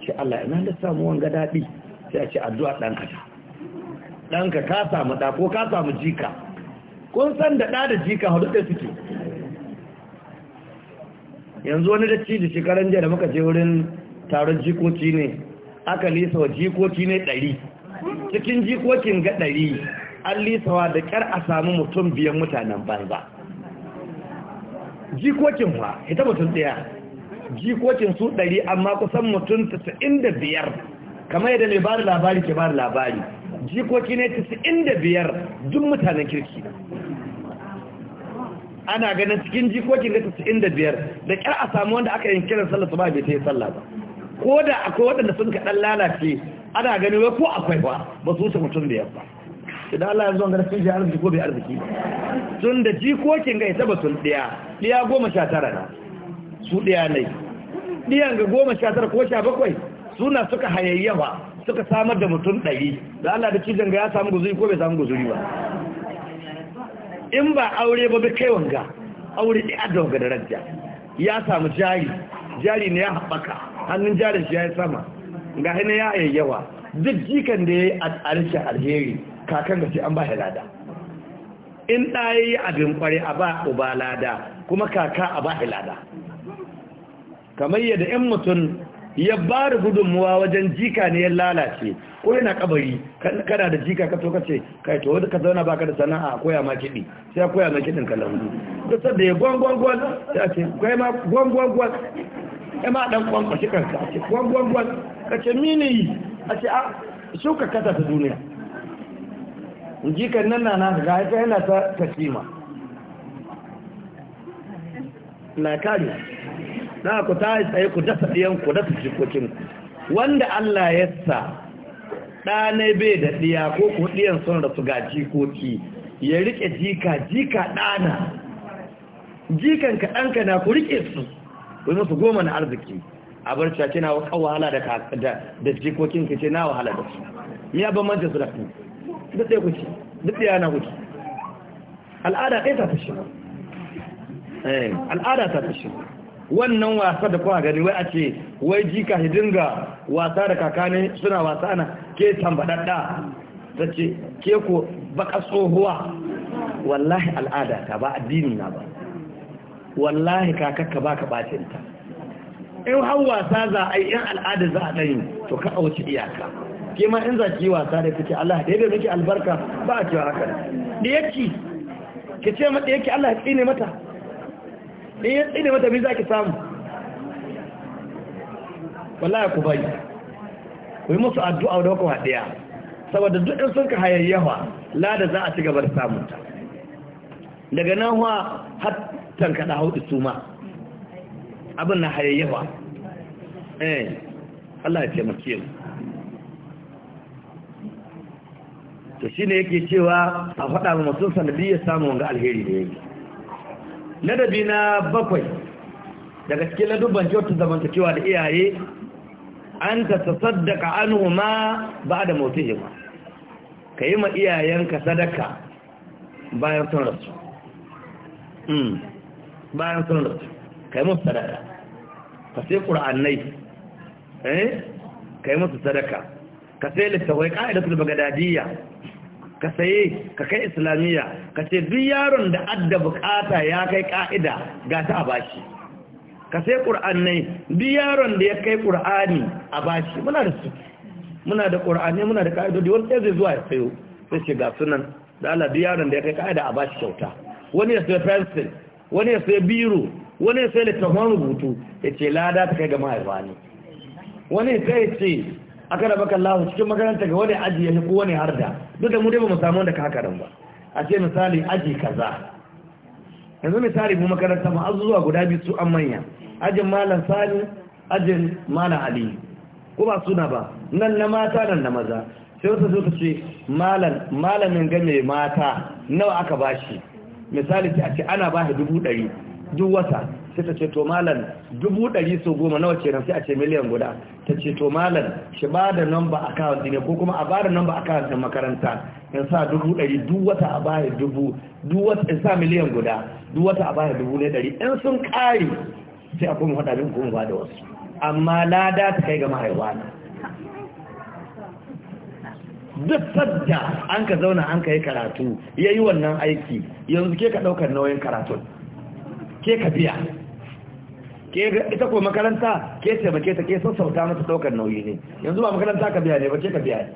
ce Allah ina da samu wanga daɗi sai a ce addu'a ɗanka ta ɗanka ka samu ɗa ko ka samu jika kun san da ɗa da jika hudu ɗaya suke yanzu wani da da shekaran jiya da muka je wurin taron jikoci ne aka lisa wa jikoki ne ɗari cikin jikokin ga ɗari an lisawa da ƙyar a samu mutum biyan mutanen banza jikokin wa ita mutum ɗaya jikokin su ɗari amma kusan mutum tasa'in da biyar kamar yadda mai ba da labari ke ba da labari jikoki ne tasa'in da biyar duk mutanen kirki ana ganin cikin jikokin ga tasa'in da biyar da ƙyar a samu wanda aka yin kiran sallah su ba bai ta yi sallah ba ko da akwai waɗanda sun kaɗan lalace ana gani wai ko akwai ba ba su mutum da yabba idan Allah ya zo ga sun shi arziki ko bai arziki tun da jikokin ga ita batun ɗaya ɗaya goma sha tara na su ɗaya ne ɗiyan ga goma sha tara ko sha bakwai suna suka hayayyawa suka samar da mutum ɗari da Allah da cijin ga ya samu guzuri ko bai samu guzuri ba in ba aure ba bai kai wanga aure ɗaya da wanga da rajja ya samu jari jari ne ya haɓaka hannun jarin shi ya yi sama ga hannun ya yi yawa duk jikan da ya yi al'arshi alheri kakan shi an ba lada in ɗaya abin kware a ba uba lada kuma kaka a ba lada kamar yadda 'yan mutum ya ba da gudunmuwa wajen jika ne ya lalace ko yana kabari kana da jika ka toka ce kai to wadda ka zauna baka da sana'a koya ma kiɗi sai koya ma kiɗin kalamu duk sadda ya gwangwangwan ya ce kai ma gwangwangwan ya ma dan kwan kwashi kanka a ce kwan kwan kwan ka ce mini yi a ce a ah, shuka kasa ta duniya jikan nan na naka ga haifar yana ta tasima na kare na ku ta yi tsaye ku dasa ɗiyan ku dasa jikokin wanda Allah ya sa ɗanai bai da ɗiya ko ku ɗiyan sun rasu ga jikoki ya riƙe jika jika ɗana jikan ka ɗanka na ku riƙe su ku musu goma na arziki a bar cewa na wata wahala da kakada da jikokin ka ce na wahala da su me ya manta su da su duk ɗaya kuci duk ɗaya yana kuci al'ada ɗaya ta fashe eh, al'ada ta fashe wannan wasa da kuma gani wai a ce wai jika hidinga wasa da kakane suna wasa ana ke tambadadda ta ce ke ko baka tsohuwa wallahi al'ada ta ba addini na ba wallahi kakakka ba ka ta in har wasa za a yi in al'ada za a ɗayin to ka auci iyaka ke ma in za ki yi wasa da kake Allah da yadda muke albarka ba a cewa haka da yake ki ce mata yake Allah ya tsine mata in ya tsine mata me za ki samu wallahi ku bai ku yi musu addu'a da kuma ɗaya saboda duk in sun ka hayayyawa lada za a ci gaba da samunta daga nan wa har tankada hudu su ma abin na ba eh Allah ya taimake mu to shine yake cewa a faɗa musu mutum ya samu wanga alheri da yake ladabi na bakwai daga cikin ladubban kyautar cewa da iyaye an ta tasaddaka anhu ma ba da motihima ka yi ma iyayenka sadaka bayan sun rasu Mm. bayan sun rasu kai musu sadaka ka sai ƙura'annai eh kai musu sadaka ka sai littafai ƙa'idatul bagadadiyya ka saye ka kai islamiyya ka ce duk yaron da adda bukata ya kai ka'ida ga ta a bashi ka sai ƙura'annai duk yaron da ya kai ƙura'ani a bashi muna da su muna da ƙur'ani muna da ka'idodi wani ɗaya zai zuwa ya sayo sai ce ga sunan da ala duk yaron da ya kai ka'ida a bashi kyauta wani ya sai fensil wani ya sai biro wani ya sai littafin rubutu ya ce lada ta kai ga mahaifa ne wani ya kai ce aka da baka lahu cikin makaranta ga wani aji ya ko wani harda duk da mu dai ba mu samu wanda ka haka ba a ce misali aji kaza yanzu misali mu makaranta ma an zuwa guda biyu su an manya ajin malam sani ajin malam ali ko ba suna ba nan na mata nan na maza sai wata zo ta ce malamin game mata nawa aka bashi misali ce a ce ana ba dubu ɗari duk wata sai ta ce to malam dubu ɗari sau goma nawa ce sai a ce miliyan guda ta ce to malam shi ba da namba account ne ko kuma a ba da namba account ɗin makaranta in sa dubu ɗari duk wata a ba dubu duk wata in sa miliyan guda duk wata a baya dubu ne ɗari in sun ƙari sai a kuma haɗa min kuma ba da wasu amma lada ta kai ga mahaifa duk fadda an ka zauna an ka yi karatu ya yi wannan aiki yanzu ke ka ɗaukar nauyin karatun ke ka biya ita ko makaranta ke taimake ta ke sassauta mata ɗaukar nauyi ne yanzu ba makaranta ka biya ne ba ke ka biya ne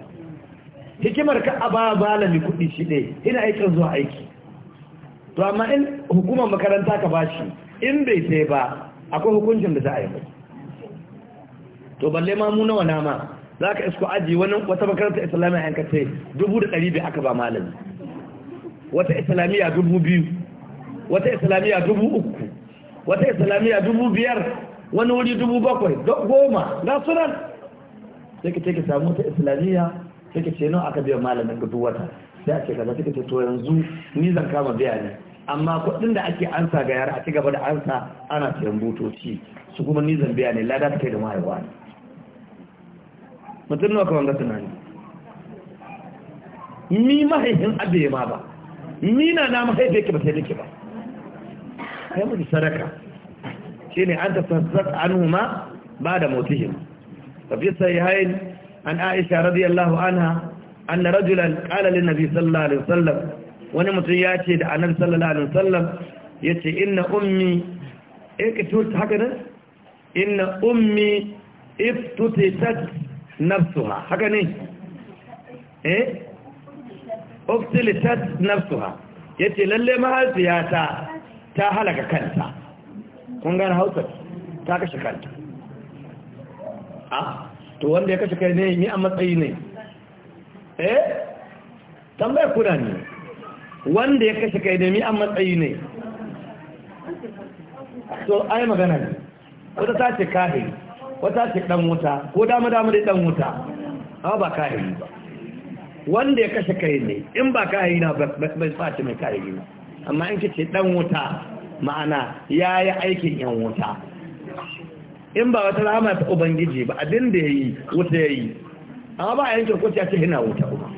hikimar ka a ba malami kuɗi shi ɗaya ina aikin zuwa aiki to amma in hukumar makaranta ka bashi in bai sai ba akwai hukuncin da za a yi ba. to balle ma mu nawa nama za ka isko aji wani wata makarantar islamiyya yanka kace dubu da ɗari aka ba malami wata islamiyya dubu biyu wata islamiyya dubu uku wata islamiyya dubu biyar wani wuri dubu bakwai goma na sunan sai ka ce samu wata islamiyya sai ka ce nawa aka biya malamin ga wata sai a ce kaza sai ka ce to yanzu ni zan kama biya ne amma kuɗin da ake ansa ga yara a ci gaba da ansa ana sayan butoci su kuma ni zan biya ne lada ta kai da mahaifa ne mutum nawa kawai ga tunani mi mahaifin abe ma ba ni na na mahaife ba sai nake ba kai mutu sadaka shine an tafassat ba da mautihim fa fi sahihain an aisha radiyallahu anha anna rajulan qala lin nabi sallallahu alaihi wasallam wani mutum ya ce da annabi sallallahu alaihi wasallam yace inna ummi ikitut haka ne inna ummi iftutitat nafsuha haka ne eh uftilitat nafsuha yace lalle mahaifiyata ta halaka kanta kun gane Hausa ta kashe kanta ah to wanda ya kashe kai ne ni a matsayi ne eh tambaya kuna ne wanda ya kashe kai ne ni a matsayi ne to ai magana ne wata ta ce kahiri wata ce dan wuta ko dama dama dai dan wuta amma ba kahiri ba wanda ya kashe kai ne in ba kahiri na bai faci mai kahiri ba amma in kace dan wuta ma'ana yayi aikin yan wuta in ba wata rama ta ubangiji ba abin da yayi wuta yayi amma ba a yanke ko ta ce ina wuta ba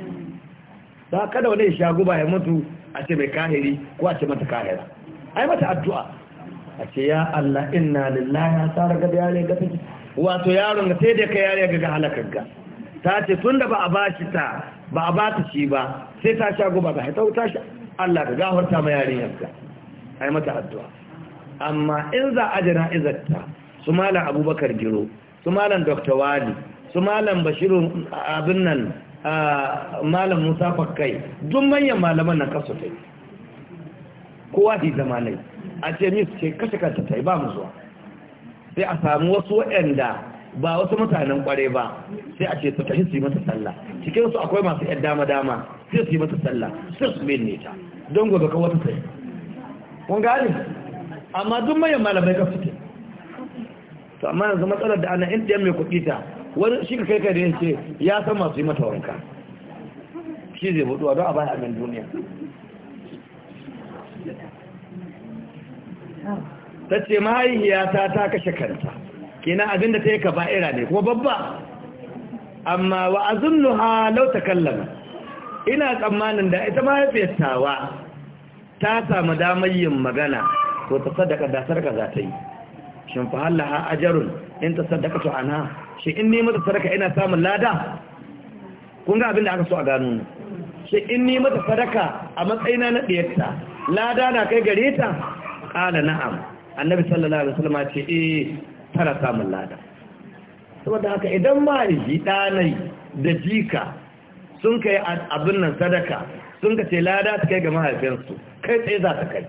ba kada wani ya sha guba ya mutu a ce mai kahiri ko a ce mata kahira ai mata addu'a a ce ya Allah inna lillahi ya raga gaba ya ne wato yaron sai da ka yare ga halakagga ta ce tun da ba a bashi ta ba a bata shi ba sai ta sha guba ga haitau ta shi Allah ka gafarta ma yarin yanka ai mata addu'a amma in za a izarta su malam abubakar giro su malam dr wali su malam bashirun abin nan malam musa fakkai duk manyan malaman nan kasu ta yi kowa fi zamanai a ce mis ce kashe kanta ta yi ba mu zuwa sai a samu wasu waɗanda ba wasu mutanen ƙware ba sai a ce su tashi su yi mata sallah cikin su akwai masu yan dama dama sai su yi mata sallah sai su binne ta don gobe ka wata sai kun gani amma duk mayan malamai ka suke to amma yanzu matsalar da ana indiya mai kuɗi ta wani shi ka kai kai da ya ce ya san masu yi mata wanka shi zai buɗuwa don a baya a duniya ta ce mahaihiyata ta kashe kanta kenan abinda ta yi ka ba'ira ne kuma babba amma wa zunnu ha lau ta kallama ina tsammanin da ita mahaifiyatawa ta samu damar yin magana Ko ta sadaka da sarka za ta yi shin fa halaha ajarun in ta sadaka to ana shi in ni mata sadaka ina samun lada kun ga abin da aka so a gano ne shi in ni mata sadaka a matsayina na diyarta lada na kai gare ta Ƙala na'am annabi sallallahu alaihi wasallam ce eh tana samun lada saboda haka idan mahaifi danai da jika sun kai abin nan sadaka sun ka ce lada ta kai ga mahaifinsu kai tsaye za ta kai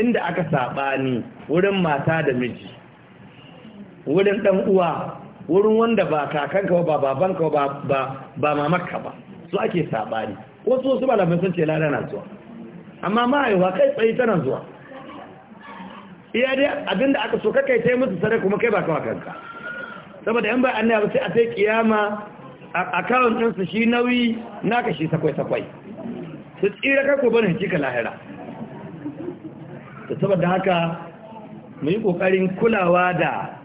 inda aka sabani wurin mata da miji wurin ɗan uwa wurin wanda ba kakanka ba babanka ba ba mamarka ba su ake sabani wasu wasu malamai sun ce lada na zuwa amma mahaifa kai tsaye tana zuwa iya dai abinda aka so kakai ta musu sadaka kuma kai ba kawa kanka saboda yan bayan ba sai a sai kiyama a karon ɗinsu shi nauyi naka shi sakwai-sakwai su tsira kako bane ka lahira da saboda haka mu yi ƙoƙarin kulawa da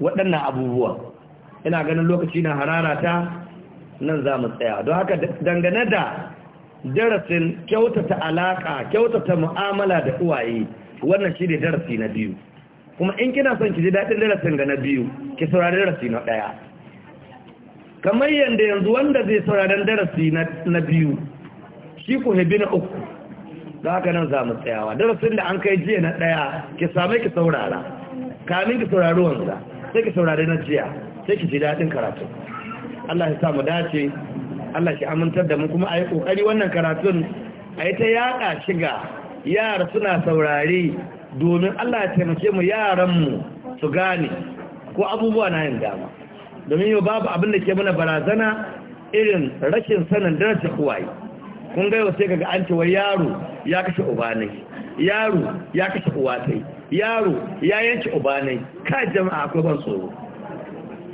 waɗannan abubuwa ina ganin lokaci na hararata nan za mu tsaya don haka dangane da darasin kyautata alaƙa kyautata mu'amala da uwaye wannan shi ne darasi na biyu kuma in kina son ki ji daɗin darasin ga na biyu ki saurari darasi na ɗaya kamar yadda yanzu wanda zai saurari darasi na biyu shi ku hebi na uku za ka nan za mu tsayawa darasin da an kai jiya na ɗaya ki same ki saurara kamin ki saurari wanda sai ki saurari na jiya sai ki ji daɗin karatu Allah ya samu dace Allah shi amintar da mu kuma a yi ƙoƙari wannan karatun a yi ta yaƙa shiga yara suna saurari domin Allah ya taimake mu yaranmu su gane ko abubuwa na yin dama domin yau babu abin da ke mana barazana irin rashin sanin daraja kuwaye kun gaiwa sai ga an cewa yaro ya kashe ubanai yaro ya kashe uwatai yaro ya yanke ubanai ka jama'a akwai ban tsoro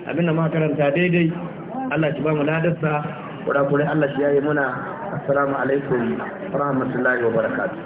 abin da makaranta daidai Allah shi ba mu ladarsa kurakurai Allah shi yayi muna assalamu alaikum rahmatullahi wa barakatuh